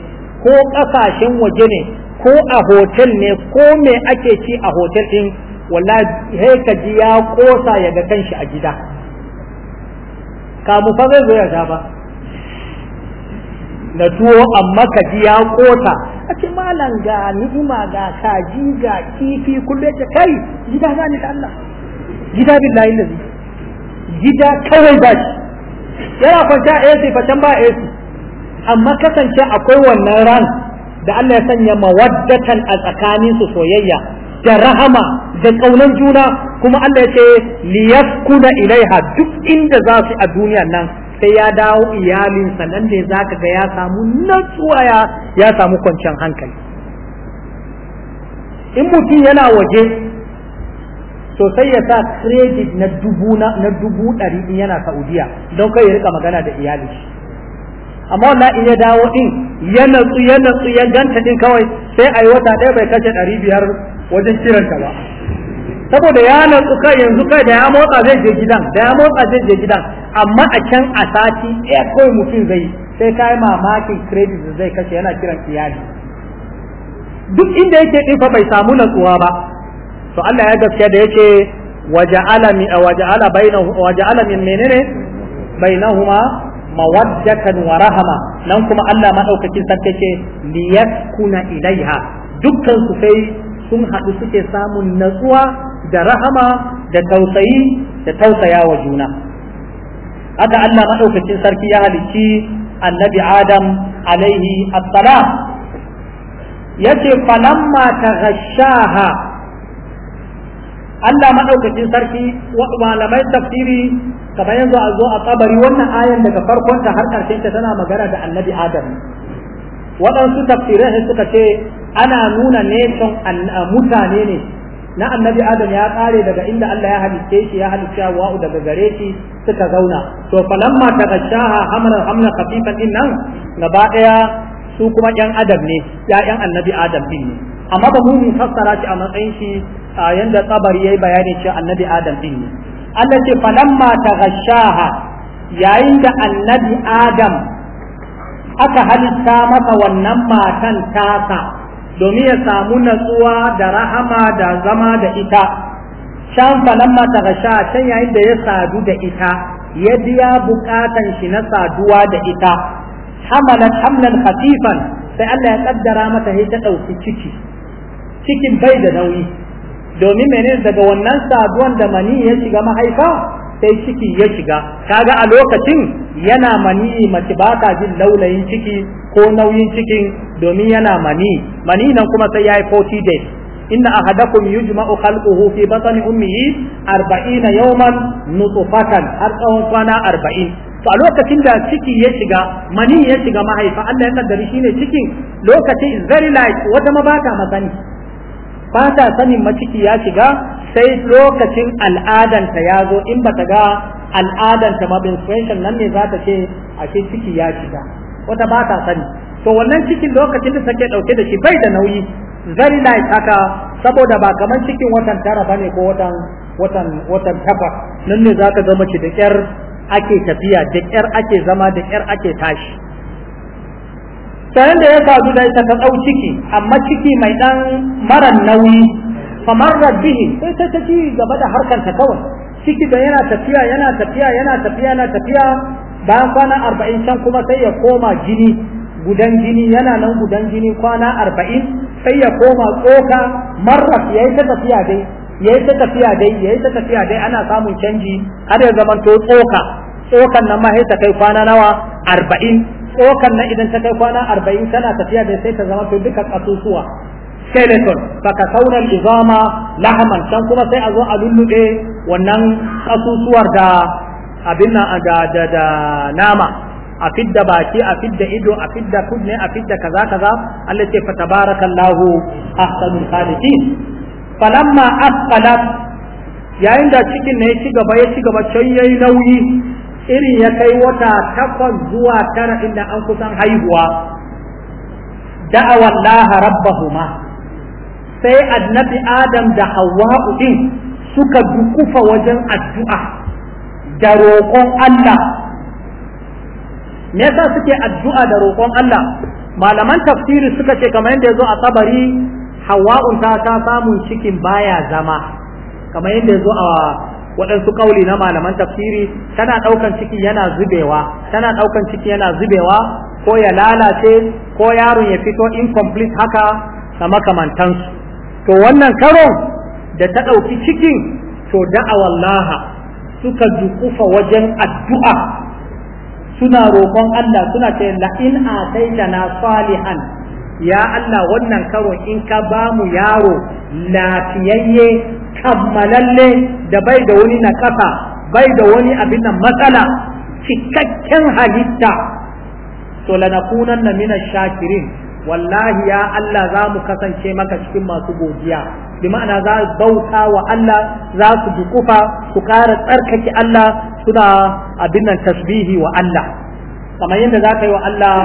Speaker 1: ko ƙasashen waje ne ko a hotel ne ko me ake ci a hotel din wallahi sai ka ji ya kosa ya ga kanshi a gida kamu fa zai zo ya ba na tuwo amma ka ji ya kosa a ce malam ga ni'ima ga kaji ga kifi kullum ce kai gida za ni da Allah gida billahi lazi gida kawai ba shi yana kwanta a yasi fatan ba yasi? amma kasance akwai wannan ran da Allah ya sanya mawaddatan a tsakanin su soyayya da rahama da kaunan juna kuma Allah ya ce yaskuna ilaiha duk inda za su a duniya nan sai ya dawo iyalinsa nan ne zaka ga ya samu natsuwa ya ya samu kwanciyar hankali in mutum yana waje to sai ya sa credit na dubu na dubu ɗari in yana Saudiya don kai ya rika magana da iyali amma wallahi in ya dawo din ya natsu ya natsu ya ganta din kawai sai ayi wata ɗaya bai kashe ɗari biyar wajen kiranta ba saboda ya natsu kai yanzu kai da ya motsa zai je gidan da ya motsa zai je gidan amma a can a sati ɗaya eh, kawai mutum zai sai kai mamakin credit da zai kashe yana kiran iyali duk inda yake ɗin fa bai samu natsuwa ba to Allah ya gaskiya da yake waja'ala min waja'ala bainahu waja'ala min menene bainahuma mawaddatan wa rahama nan kuma Allah madaukakin sarki ce liyaskuna ilaiha dukkan su sai sun haɗu suke samun natsuwa da rahama da tausayi da tausaya wa juna haka Allah madaukakin sarki ya halicci annabi Adam alaihi assalam yace falamma taghashaha Allah madaukakin sarki malamai tafsiri kamar yanzu a zo a kabari wannan ayan daga farkon ta har karshen ta tana magana da annabi adam waɗansu tafsirai suka ce ana nuna nation mutane ne na annabi adam ya kare daga inda Allah ya halicce shi ya halicce wa'u daga gare shi suka zauna to falamma tagashaha hamran hamna khafifan din nan gaba daya su kuma yan adam ne ya'yan annabi adam din ne amma ba mu fassara shi a matsayin shi yanda tsabari yayi bayani cewa annabi adam din ne Allah ce falamma taghashaha yayin da annabi Adam aka halitta masa wannan matan tasa domin ya samu natsuwa da rahama da zama da ita shan falamma taghashaha can yayin da ya sadu da ita ya biya bukatan shi na saduwa da ita hamalat hamlan khafifan sai Allah ya kaddara mata ya ta dauki ciki cikin bai da nauyi domin mene daga wannan saduwan da mani ya shiga mahaifa sai ciki ya shiga kaga a lokacin yana mani mace ba ta jin laulayin ciki ko nauyin cikin domin yana mani mani nan kuma sai ya yi 40 days inna ahadakum yujma'u khalquhu fi batni ummihi 40 yawman nutfatan har tsawon kwana 40 to a lokacin da ciki ya shiga mani ya shiga mahaifa Allah ya kaddari shine cikin lokacin is very light wata ma baka masani ba ta sanin maciki ya shiga sai lokacin al'adanta ya zo in ba ta ga al'adanta ma menstruation nan ne za ta ce a ce ciki ya shiga wata ba ta sani to wannan cikin lokacin da take dauke da shi bai da nauyi zai light haka saboda ba kamar cikin watan tara bane ko watan watan watan tafa nan ne za ka zama ci da kyar ake tafiya da kyar ake zama da kyar ake tashi sayan da ya sadu da ita ta tsau ciki amma ciki mai ɗan mara nauyi kamar rabbihi sai ta ta ci gaba da ta kawai ciki da yana tafiya yana tafiya yana tafiya yana tafiya bayan kwana arba'in can kuma sai ya koma jini gudan jini yana nan gudan jini kwana arba'in sai ya koma tsoka marra ya yi ta tafiya dai ya yi ta tafiya dai ya yi ta tafiya dai ana samun canji har ya zama to tsoka tsokan nan ma sai ta kai kwana nawa arba'in tsokar nan idan ta kai kwana arba'in tana tafiya da sai ta zama to duka kasusuwa skeleton baka sauran izama lahaman can kuma sai a zo a lullube wannan ƙasusuwar da abin nan da da da nama a fidda baki a fidda ido a fidda kudne, a fidda kaza kaza Allah ce fa tabarakallahu ahsanul khaliqin falamma asqalat yayin da cikin ne ya ci gaba ya ci gaba can yayi nauyi irin ya kai wata takwas zuwa tara inda an kusan haihuwa da'awa Allah rabbahuma sai annabi Adam da hawau din suka dukufa wajen addu'a da roƙon Allah me yasa suke addu'a da roƙon Allah malaman tafsiri suka ce kamar yadda yazo a sabari hawau ta ta samun cikin baya zama kamar yadda yazo a waɗansu ƙauli na malaman tafsiri tana ɗaukan ciki yana zubewa tana ɗaukan ciki yana zubewa ko ya lalace ko yaron ya fito incomplete haka da makamantansu to wannan karon da ta ɗauki cikin to wallaha suka zukufa wajen addu'a suna roƙon Allah suna ce la in ataitana salihan ya Allah wannan karo in ka ba mu yaro lafiyayye kammalalle da bai da wani na kafa bai da wani abin nan matsala cikakken halitta to lanakunan na mina shakirin wallahi ya Allah za mu kasance maka cikin masu godiya bi ma'ana za bauta wa Allah za su dukufa su ƙara tsarkake Allah suna abin nan tasbihi wa Allah kamar yadda za ka yi wa Allah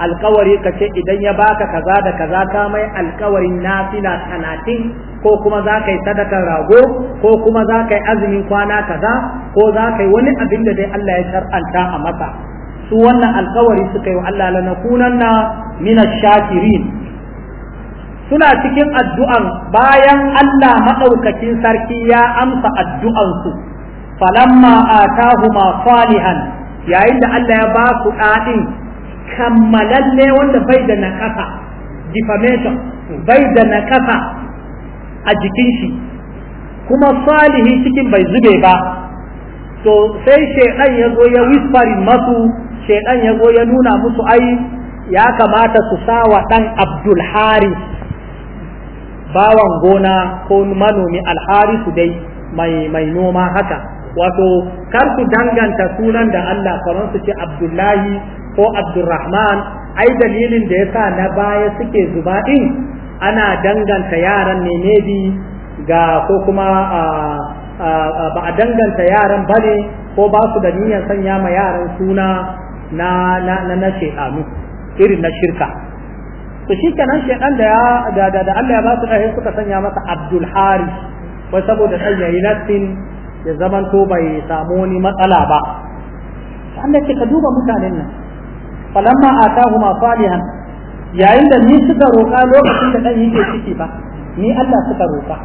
Speaker 1: alkawari ka ce idan ya baka kaza da kaza ka mai alkawarin nafila talatin ko kuma za ka yi sadakar rago ko kuma za ka yi azumin kwana kaza ko za ka yi wani abin da dai Allah ya shar'anta a masa su wannan alkawari suka yi wa Allah lanakunanna min shakirin suna cikin addu'an bayan Allah madaukakin sarki ya amsa addu'ansu falamma atahuma salihan yayin da Allah ya ba su ɗaɗin kammalalle wanda bai da nakasa defamation bai da nakasa a jikin shi kuma salihi cikin bai zube ba to sai shaidan ya zo ya whispering masu shaidan ya zo ya nuna musu ai ya kamata su sawa wa dan abdul haris bawan gona ko manomi alharisu dai mai mai noma haka wato kar su danganta sunan da Allah kamar su ce Abdullahi ko Abdurrahman ai dalilin da yasa na baya suke zuba din ana danganta yaran ne ne bi ga ko kuma ba a danganta yaran bane ko ba su da niyyar sanya ma yaran suna na na na shekaru irin na shirka to shi kenan shekan da ya da Allah ya ba su ɗaya suka sanya masa Abdul Haris wai saboda sanya yayi nassin ya zamanto bai samu wani matsala ba Allah ke ka duba mutanen nan falamma atahuma salihan yayin da ni suka roƙa lokacin da dan yake ciki ba ni Allah suka roƙa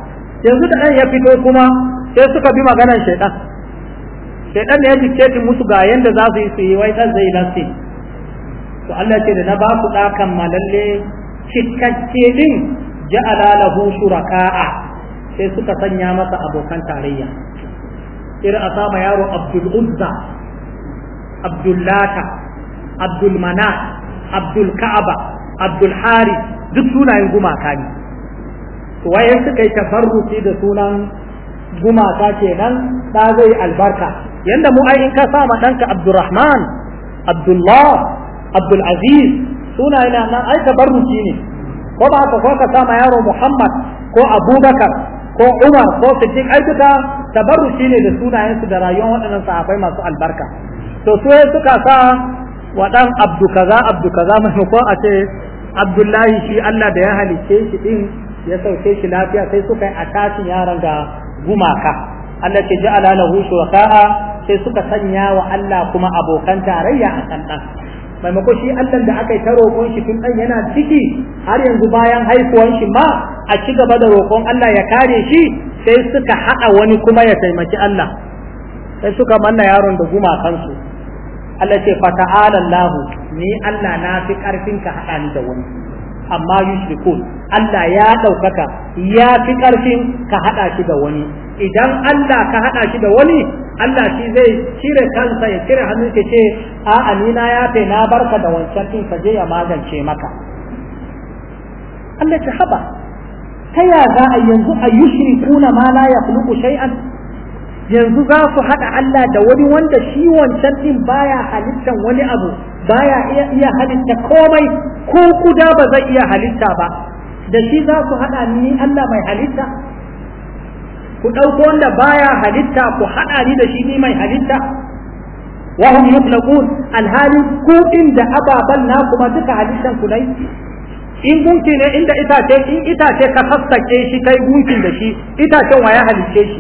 Speaker 1: yanzu da dan ya fito kuma sai suka bi maganar shaitan shaitan ne ya dictate musu ga yanda za su yi su yi wai dan zai lasse to Allah ce da na ba ku dakan malalle cikakke din ja'ala lahu shuraka'a sai suka sanya masa abokan tarayya irin a yaro abdul uzza abdul lata abdul Mana, abdul ka'aba abdul hari duk sunayen gumaka ne to waye suka yi tafarruki da sunan gumaka kenan da zai albarka yanda mu ai in ka sama danka abdurrahman abdullah abdul aziz sunayen nan ai tabarruki ne ko ba ka ko ka sama yaro muhammad ko abubakar ko umar ko siddiq ai shi ne da sunayensu da rayuwar waɗannan sahabbai masu albarka to su suka sa waɗan abdu kaza abdu kaza maimakon a ce abdullahi shi Allah da ya halicce shi din ya sauke shi lafiya sai suka yi tashin yaran ga gumaka Allah ke ja'ala lahu shuraka'a sai suka sanya wa Allah kuma abokan tarayya a kan Maimakon shi Allah da aka yi ta roƙon shi tun ɗan yana ciki har yanzu bayan haihuwan shi ma a ci gaba da roƙon Allah ya kare shi sai suka haɗa wani kuma ya taimaki Allah sai suka manna yaron da gumakansu Allah ce fata'ala Allah ni Allah na fi ƙarfin ka haɗa ni da wani amma yushrikun Allah ya ɗaukaka ya fi ƙarfin ka haɗa shi da wani idan Allah ka haɗa shi da wani Allah shi zai cire kansa ya cire hannu ka ce a amina ya fe na barka da wancan ɗin ka je ya magance maka Allah ta haba ta ya za a yanzu a yushrikuna ma la yakhluqu shay'an yanzu za su haɗa Allah da wani wanda shi wancan ɗin baya halittan wani abu baya iya halitta komai ko kuda ba zai iya halitta ba da shi za su haɗa ni Allah mai halitta ku ɗauko wanda baya halitta ku haɗa ni da shi ni mai halitta wa hum yutlaqun alhali ku inda ababan na kuma duka halittan ku dai in gunki ne inda itace in itace ka sassake shi kai gunkin da shi itacen wa ya halicce shi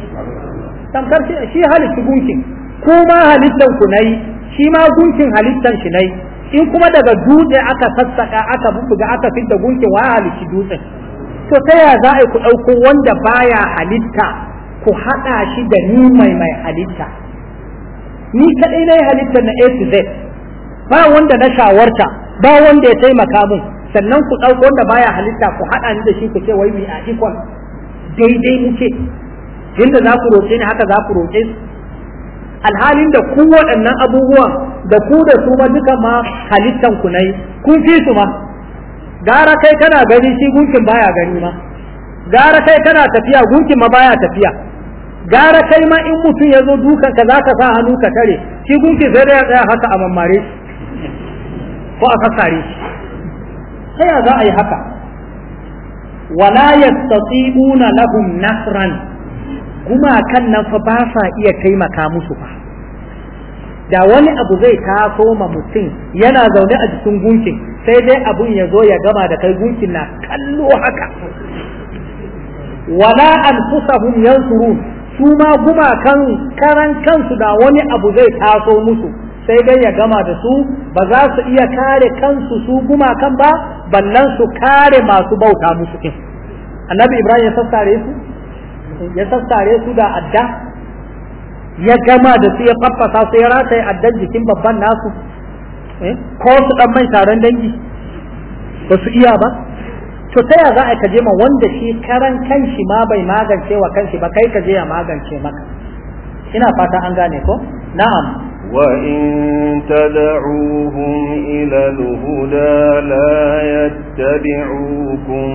Speaker 1: tamkar shi halittu gunkin ko ma halittan ku nayi shi ma gunkin halittan shi nayi in kuma daga dutse aka sassaka aka buga aka fidda gunkin wa halitti dutse to ta ya za a ku ɗauko wanda baya halitta ku haɗa shi da ni mai mai halitta ni kaɗai na yi na A ba wanda na shawarta ba wanda ya taimaka min sannan ku ɗauko wanda baya halitta ku haɗa ni da shi ku ce wai mai a ikon daidai muke inda za ku roƙe ni haka za ku roƙe su alhalin da ku waɗannan abubuwa da ku da su ma duka ma halittan ku yi kun fi su ma gara kai kana gani shi gunkin baya gani ma gara kai kana tafiya gunkin ma baya tafiya gara kai ma in mutum ya zo dukan ka za ka sa hannu ka tare shi gunkin sai da ya tsaya haka a mammare ko a sassare Ta ya za a yi haka wala yastati'una lahum nasran gumakan nan fa ba sa iya taimaka musu fa da wani abu zai taso ma mutum yana zaune a jikin gunkin sai dai abun ya zo ya gama da kai gunkin na kallo haka wala an kusahum yansurun su ma gumakan karan kansu da wani abu zai taso musu sai dai ya gama da su ba za su iya kare kansu su gumakan ba ballan su kare masu bauta musu din annabi ibrahim ya sassare su ya sassare su da adda ya gama da su ya faffasa su ya rataye addan jikin babban nasu eh, ko su dan mai taron dangi ba su iya ba to ta za a kaje ma wanda shi karan kanshi ma bai magance wa kanshi ba kai kaje ya magance maka ina fata an gane ko na'am
Speaker 2: وإن تدعوهم إلى الهدى لا يتبعوكم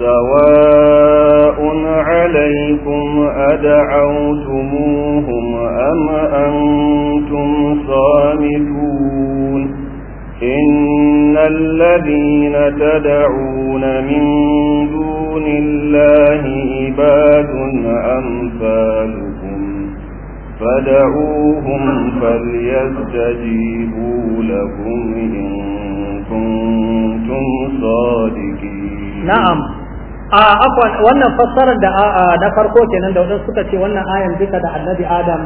Speaker 2: سواء عليكم أدعوتموهم أم أنتم صامتون إن الذين تدعون من دون الله عباد أمثالكم فدعوهم فليستجيبوا لكم إن كنتم صادقين نعم
Speaker 1: a afwan wannan fassarar da na farko kenan da wadansu suka ce wannan ayan duka da annabi adam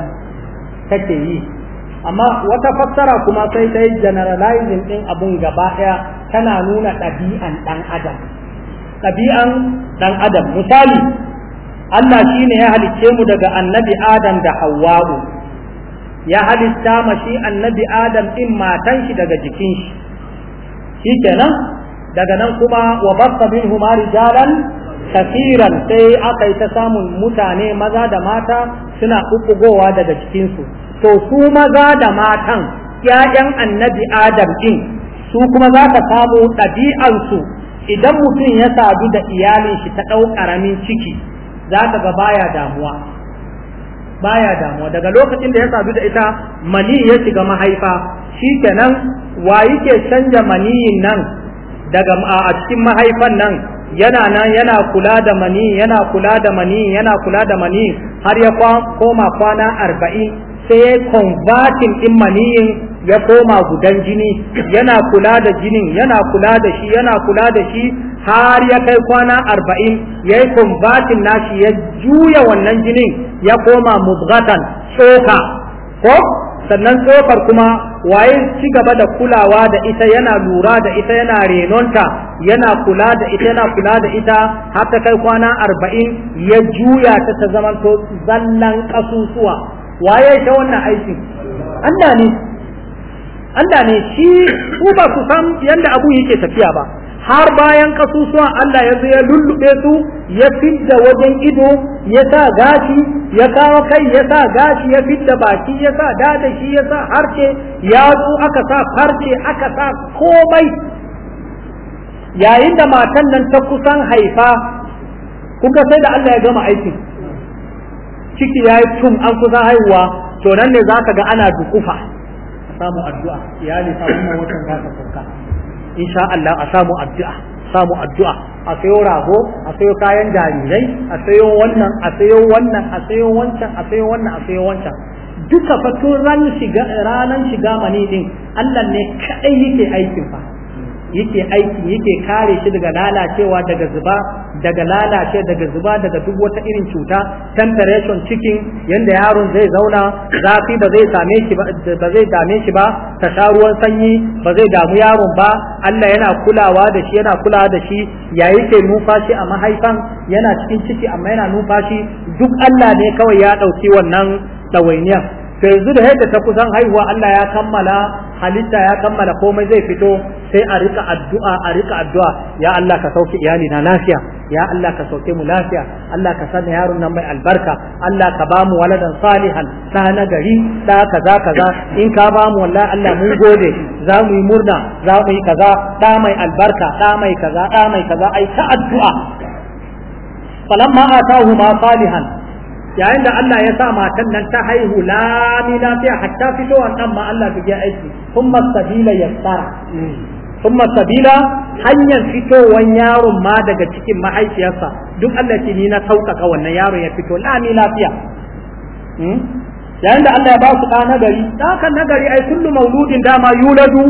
Speaker 1: take yi amma wata fassara kuma sai ta yi generalizing din abun gaba daya tana nuna ɗabi'an ɗan adam ɗabi'an ɗan adam misali Allah shine ya halicce mu daga annabi adam da hawwa'u ya halitta mashi annabi adam din matan shi daga jikin shi kenan daga nan kuma wa basta minhu ma rijalan kasiran sai aka yi ta samun mutane maza da mata suna kukkugowa daga cikinsu to su maza da matan 'ya'yan annabi adam din su kuma za ka samu su idan mutum ya sadu da iyalin shi ta ɗau ƙaramin ciki za ka ga baya damuwa baya damuwa daga lokacin da ya sadu da ita mani ya shiga mahaifa shikenan wa yake canja maniyin nan daga a cikin mahaifan nan yana nan yana kula da mani yana kula da mani yana kula da mani har ya koma kwana arba'in sai ya konvatin din maniyin ya koma gudan jini yana kula da jinin yana kula da shi yana kula da shi har ya kai kwana arba'in ya yi konvatin nashi ya juya wannan jinin ya koma mubgatan tsoka ko sannan tsofar kuma waye ci gaba da kulawa da ita yana lura da ita yana renonta yana kula da ita yana kula da ita har ta kai kwana arba'in ya juya ta ta zamanto zallan kasusuwa waye ta wannan aiki Allah ne ne shi ku ba ku san yadda abu yake tafiya ba har bayan kasusuwan Allah ya zo ya lullube su ya fidda wajen ido ya sa gashi ya kawo kai ya sa gashi ya fidda baki ya sa dada shi ya sa harce ya zo aka sa farce aka sa komai yayin da matan nan ta kusan haifa kuka sai da Allah ya gama aikin ciki ya yi tun an kusa haihuwa to nan ne za ka ga ana dukufa samu addu'a iyali samu watan za ka sauka insha Allah a samu addu'a samu addu'a a sayo rago a sayo kayan jarirai a sayo wannan a sayo wannan a sayo wancan a sayo wannan a sayo wancan duka fa tun ranar shiga mani din Allah ne kadai yake aikin fa yake aiki yake kare shi daga lalacewa daga zuba daga lalace daga zuba daga duk wata irin cuta temperature cikin yanda yaron zai zauna zafi ba zai same shi ba ba zai dame shi ba tasharuwan sanyi ba zai damu yaron ba Allah yana kulawa da shi yana kulawa da shi ya yake numfashi a mahaifan yana cikin ciki amma yana numfashi duk Allah ne kawai ya dauki wannan ɗawainiyar yanzu da yadda ta kusan haihuwa Allah ya kammala halitta ya kammala komai zai fito sai a rika addu'a a rika addu'a ya Allah ka sauke iyali na lafiya ya Allah ka sauke mu lafiya Allah ka sanya yaron nan mai albarka Allah ka ba mu waladan salihan da na gari da kaza kaza in ka ba mu wallahi Allah mun gode za mu yi murna za mu yi kaza da mai albarka da mai kaza da mai kaza ai ta addu'a falamma atahu ma salihan yayin da Allah ya sa matan nan ta haihu lami lafiya hatta fitowar dan ma Allah ta je aiki kuma sabila tsara. kuma sabila hanyar fitowar yaron ma daga cikin mahaifiyarsa duk Allah ce ni na sauƙaƙa wannan yaron ya fito lami lafiya hmm? yayin da Allah ya ba su ɗa nagari ɗakan nagari ai kullu mauludin dama yuladu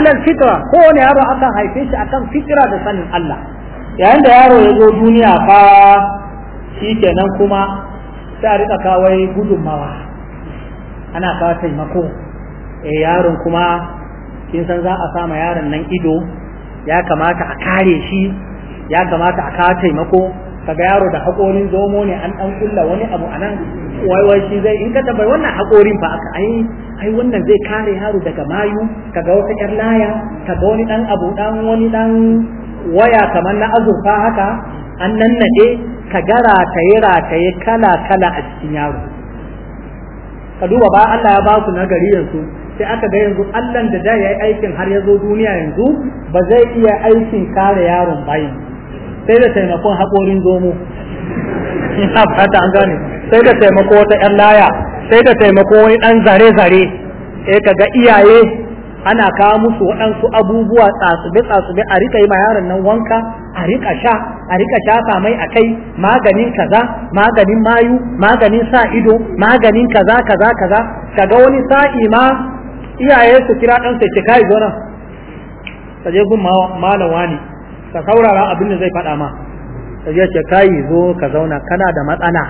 Speaker 1: alal fitra kowane yaro akan haife shi akan fitra da sanin Allah yayin da yaro ya zo duniya fa shikenan kuma sai a kawai gudunmawa ana kawo taimako e yaron kuma kin san za a sama yaron nan ido ya kamata a kare shi ya kamata a kawo taimako kaga yaro da haƙorin zomo ne an ɗan kulla wani abu a nan, wai shi zai in ka tabbai wannan haƙorin ba aka ai ai wannan zai kare yaro daga mayu kaga wata yar laya kaga wani ɗan abu ɗan wani ɗan waya kamar na azurfa haka an nannaɗe ka gara ka yi rataye kala kala a cikin yaro ka duba ba Allah ya ba ku nagari yanzu sai aka ga yanzu Allah da da ya yi aikin har ya zo duniya yanzu ba zai iya aikin kare yaron bayan sai da taimakon haƙorin zomo ina fata an gane sai da taimako wata ƴan laya sai da taimako wani ɗan zare-zare sai ka ga iyaye ana kawo musu waɗansu abubuwa tsatsube tsatsube a rika yi ma yaron nan wanka a rika sha a rika shafa mai a kai maganin kaza maganin mayu maganin sa ido maganin kaza kaza kaza kaga wani sa'i ma iyaye su kira ɗan sai yi gona ka je gun malawa ne ka saurara abin da zai faɗa ma ka je ce kai zo ka zauna kana da matsala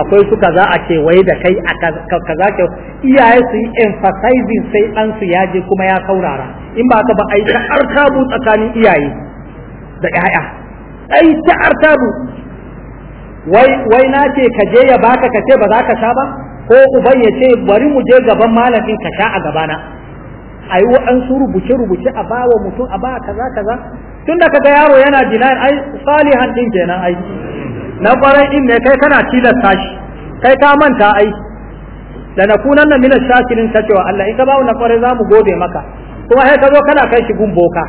Speaker 1: akwai suka za a ce wai da kai a kaza ke iyaye su yi emphasizing sai dan su ya je kuma ya saurara in ba ka ba ai ta artabu tsakanin iyaye da 'ya'ya. ai ta artabu wai wai na ce ka je ya baka ka ce ba za ka sha ba ko uban ya ce bari mu je gaban malamin ka sha a gabana a yi waɗansu rubuce-rubuce a ba wa mutum a ba kaza kaza tun da kaga yaro yana denial ai salihan din kenan ai na kwarai din ne kai kana tilasta shi kai ka manta ai da na kunan nan mina shakirin ta cewa Allah in ka bawo na kwarai za mu gode maka kuma sai ka zo kana kai shi gun boka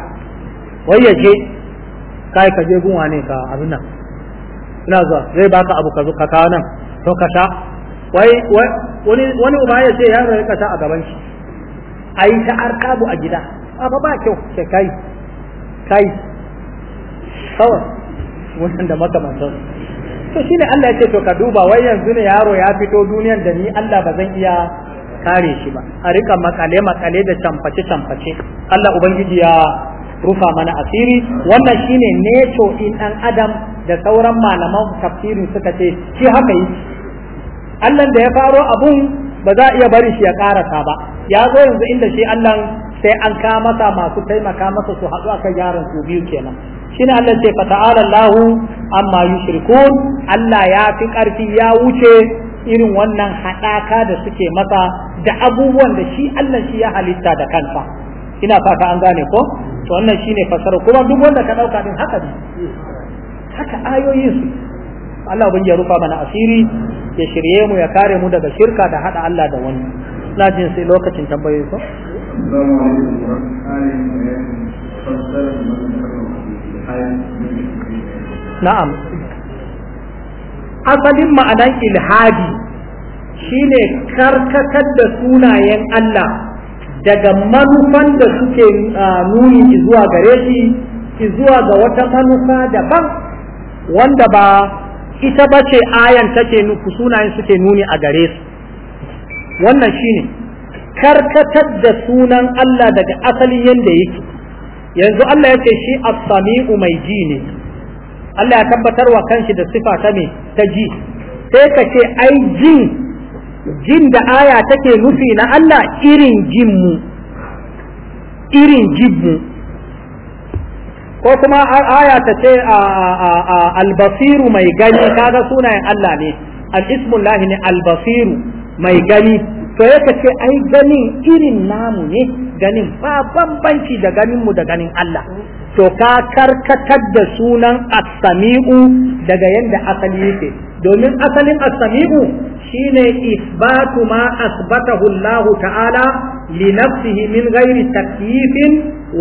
Speaker 1: wai ya je kai ka je gun wane ka abin nan ina zuwa zai baka abu ka zo ka kawo nan to ka sha wai wani wani uba ya ce yaro ya kasa a gaban shi ai ta arkabu a gida ba ba kyau kai kai kawai wannan da makamantansu to shine Allah yake ce to ka duba wai yanzu ne yaro ya fito duniyar da ni Allah ba zan iya kare shi ba a rika makale makale da camface camface Allah ubangiji ya rufa mana asiri wannan shine neto in dan adam da sauran malaman tafsirin suka ce shi haka yi Allah da ya faro abun ba za a iya bari shi ya karasa ba ya zo yanzu inda shi Allah sai an ka masa masu taimaka masa su haɗu akan yaran su biyu kenan shine Allah ce fa ta'ala Allahu amma yushrikun Allah ya fi ƙarfi ya wuce irin wannan haɗaka da suke masa da abubuwan da shi Allah shi ya halitta da kansa ina fata an gane ko to wannan shine fasara kuma duk wanda ka dauka din haka ne haka ayoyin su Allah ubangi ya rufa mana asiri ya shirye mu ya kare mu daga shirka da hada Allah da wani na jin sai lokacin tambayoyi ko
Speaker 3: السلام عليكم الله وبركاته
Speaker 1: na'am asalin ma'anan ilhadi shine karkatar da sunayen Allah daga manufan da suke nuni zuwa gare shi zuwa ga wata manufa daban wanda ba ita bace ayan take nuku sunayen suke nuni a gare su wannan shine karkatar da sunan Allah daga asalin yadda yake yanzu Allah ya ce shi as mai ji ne Allah ya tabbatar wa kanshi da sifa ta me ta ji sai ka ce ai jin jin da aya take nufi na Allah irin jin mu irin jin mu ko kuma aya ta ce al-basiru mai gani kaga sunayen Allah ne al-ismullahi ne al-basiru mai gani to ya kace ai ganin irin namu ne ganin ba bambanci da ganin mu da ganin Allah to ka karkatar da sunan as-sami'u daga yadda asali yake domin asalin as-sami'u shine isbatu ma asbatahu Allah ta'ala li nafsihi min ghairi takyifin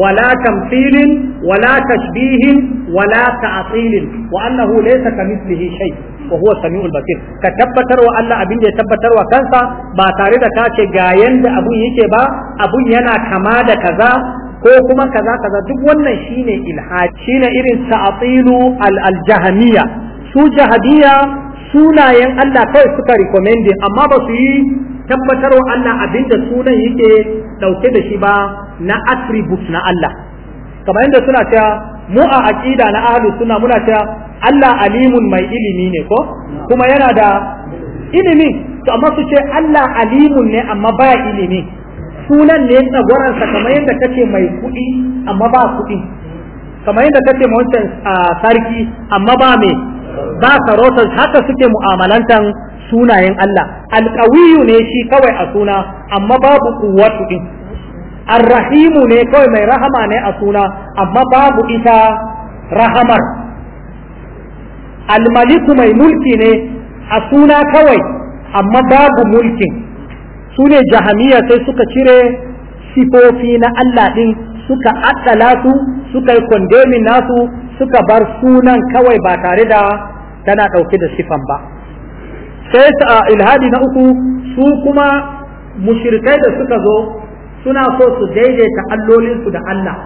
Speaker 1: wala tamthilin wala tashbihin wala ta'tilin wa annahu laysa kamithlihi shay' wa huwa samiul basir ka tabbatarwa Allah abin da ya wa kansa ba tare da ta ce ga yanda abun yake ba abun yana kama da kaza ko kuma kaza kaza duk wannan shine ilhadi shine irin ta'tilu al aljahamiyya su jahadiya sunayen Allah kawai suka recommending amma ba su yi tabbatarwa Allah abin da sunan yake dauke da shi ba na attributes na Allah kamar yadda suna cewa mu a aqida na ahlu sunna muna cewa Allah alimun mai ilimi ne ko kuma yana da ilimi to amma su ce Allah alimun ne amma ba ilimi sunan ne sa kamar yadda kace mai kuɗi amma ba kuɗi kamar yadda kace mai wancan sarki amma ba me ba sarautar haka suke mu'amalantan sunayen Allah alqawiyu ne shi kawai a suna amma babu kuwatu din arrahimu ne kawai mai rahama ne a suna amma babu ita rahamar almaliku mai mulki ne a suna kawai amma babu mulkin sune jahamiya sai suka cire sifofi na Allah ɗin suka addala su suka yi nasu suka bar sunan kawai ba tare da tana ɗauke da sifan ba sai ilhadi na uku su kuma mushirkai da suka zo suna so su daidaita allolinsu da Allah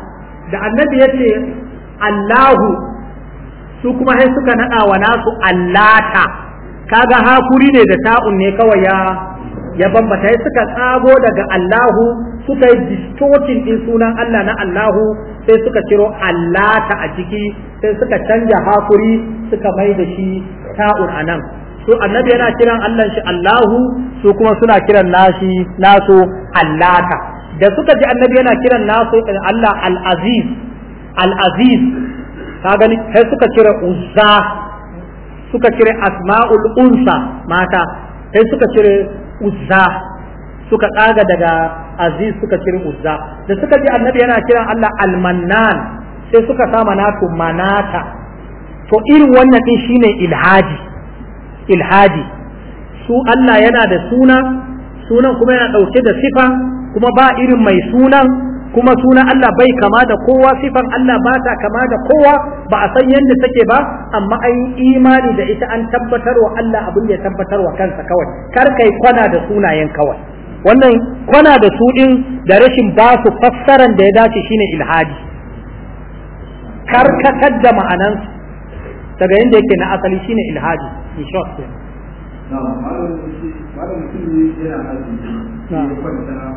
Speaker 1: da annabi ya ce Allahu su kuma sai suka naɗa wa nasu Allata kaga hakuri ne da ta'un ne kawai ya ya bambata sai suka tsago daga Allahu suka yi distorting din sunan Allah na Allahu sai suka ciro Allata a ciki sai suka canja hakuri suka mai da shi ta'un anan su annabi yana kiran Allah shi Allahu su kuma suna kiran nasu Allata da suka ji annabi yana kiran nasu Allah al-aziz al-aziz ka gani sai suka cire uzza suka cire asma'ul unsa mata sai suka cire uzza suka tsaga daga aziz suka cire uzza da suka ji annabi yana kiran Allah al-mannan sai suka sama nasu manata to irin wannan din shine Ilhaji, Ilhaji su Allah yana da suna sunan kuma yana dauke da sifa kuma ba irin mai sunan kuma sunan Allah bai kama da kowa sifan Allah ba ta kama da kowa ba a san yadda take ba amma an imani da ita an tabbatarwa Allah abin da ya wa kansa kawai kar kai kwana da sunayen kawai wannan kwana da su din da rashin ba su fassaran da ya dace shine ilhadi karkatar da ma'anansu daga yadda yake na asali shine ilhadi in short
Speaker 3: malamin shi malamin shi yana kwanta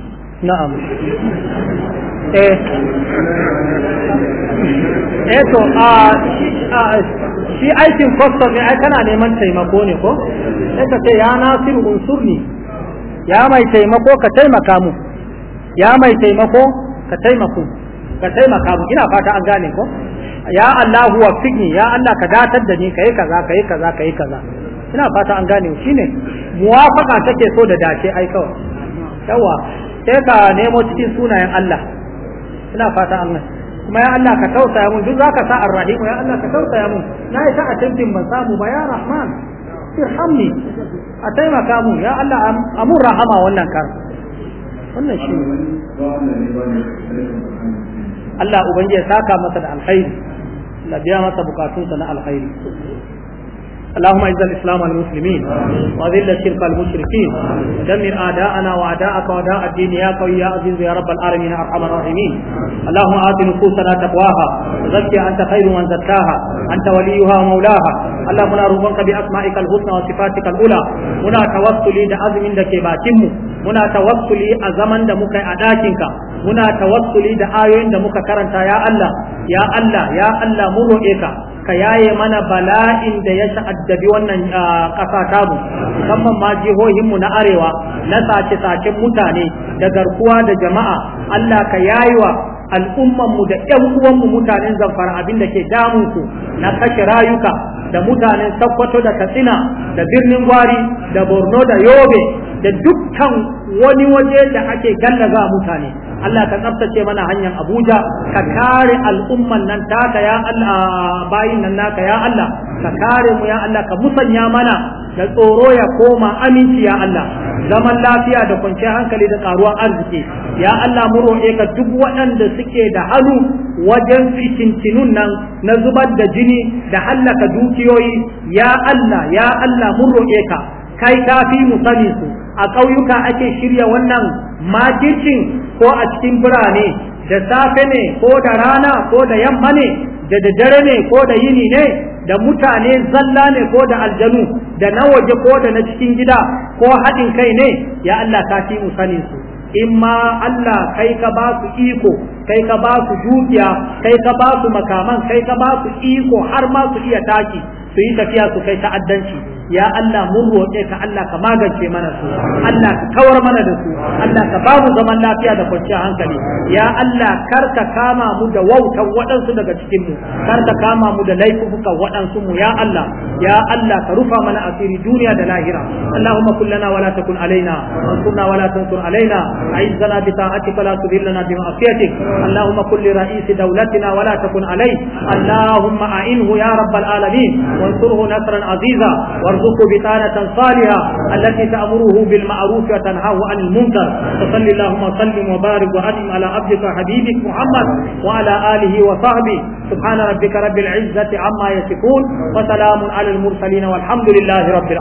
Speaker 1: na'am eh eh to a shi aikin custom ne ai kana neman taimako ne ko sai ce ya nasiru unsurni ya mai taimako ka taimaka mu ya mai taimako ka taimako ka taimaka mu ina fata an gane ko ya Allahu wa fiqni ya Allah ka datar da ni ka yi kaza ka yi kaza ka yi kaza ina fata an gane shi shine muwafaka take so da dace ai kawai yawa sai ka nemo cikin sunayen Allah ina fata Allah kuma ya Allah ka tausaya mun duk zaka sa arrahim ya Allah ka tausaya mun na yi ta attempting ban samu ba ya rahman irhamni a taimaka mun ya Allah amun rahama wannan kar wannan shi Allah ubangiji ya saka masa da alkhairi Allah biya masa bukatunsa na alkhairi اللهم اعز الاسلام والمسلمين واذل الشرك المشركين ودمر اعداءنا واعداءك واعداء الدين يا قوي يا عزيز يا رب العالمين ارحم الراحمين اللهم اعط نفوسنا تقواها وزكها انت خير من زكاها انت وليها ومولاها اللهم نرجوك باسمائك الحسنى وصفاتك الاولى هنا توصلي da azumin da ke bakinmu muna tawassuli a zaman da muka yi a ɗakinka muna tawassuli da ayoyin da muka karanta ya Allah ya Allah ya Allah mu roƙe ka ka yaye mana bala'in da ya ta'addabi wannan ƙasa Mu musamman ma jihohinmu na arewa na sace-sacen mutane da garkuwa da jama'a Allah ka yayewa mu da ‘yan mu mutanen zamfara abin da ke damun ku na kashe rayuka da mutanen sakkwato da katsina da birnin gwari da borno da yobe da dukkan wani waje da ake gallaza mutane Allah ka tsaftace mana hanyar Abuja ka kare al'umman nan taka ya Allah bayin nan naka ya Allah ka kare mu ya Allah ka musanya mana da tsoro ya koma aminci ya Allah zaman lafiya da kwanciyar hankali da karuwar arziki ya Allah mu roƙe ka duk waɗanda suke da hannu wajen fitintinun nan na zubar da jini da hallaka dukiyoyi ya Allah ya Allah mu roƙe ka kai ka fi mu sani su a ƙauyuka ake shirya wannan makircin ko a cikin birane da safe ne ko da rana ko da yamma ne da daddare ne ko da yini ne da mutane zalla ne ko da aljanu da na waje ko da na cikin gida ko haɗin kai ne ya Allah ka fi mu sanin su in ma Allah kai ka ba su iko kai ka ba su dukiya kai ka ba su makaman kai ka ba su iko har ma su iya taki su yi tafiya su kai ta'addanci ya Allah mun roƙe ka Allah ka magance mana su Allah ka kawar mana da su Allah ka babu zaman lafiya da kwanciyar hankali ya Allah kar ka kama mu da wautan waɗansu daga cikin mu kar ka kama mu da laifukan waɗansu mu ya Allah ya Allah ka rufa mana asiri duniya da lahira Allahumma kun lana wala takun alaina wansurna wala tansur alaina a'izzana bi ta'atika la tudhillana bi ma'siyatik Allahumma kun li ra'isi dawlatina wala takun alayhi Allahumma a'inhu ya rabbal alamin وانصره نصرا عزيزا وارزقه بطانة صالحة التي تأمره بالمعروف وتنهاه عن المنكر فصل اللهم وسلم وبارك وأنم على عبدك وحبيبك محمد وعلى آله وصحبه سبحان ربك رب العزة عما يصفون وسلام على المرسلين والحمد لله رب العالمين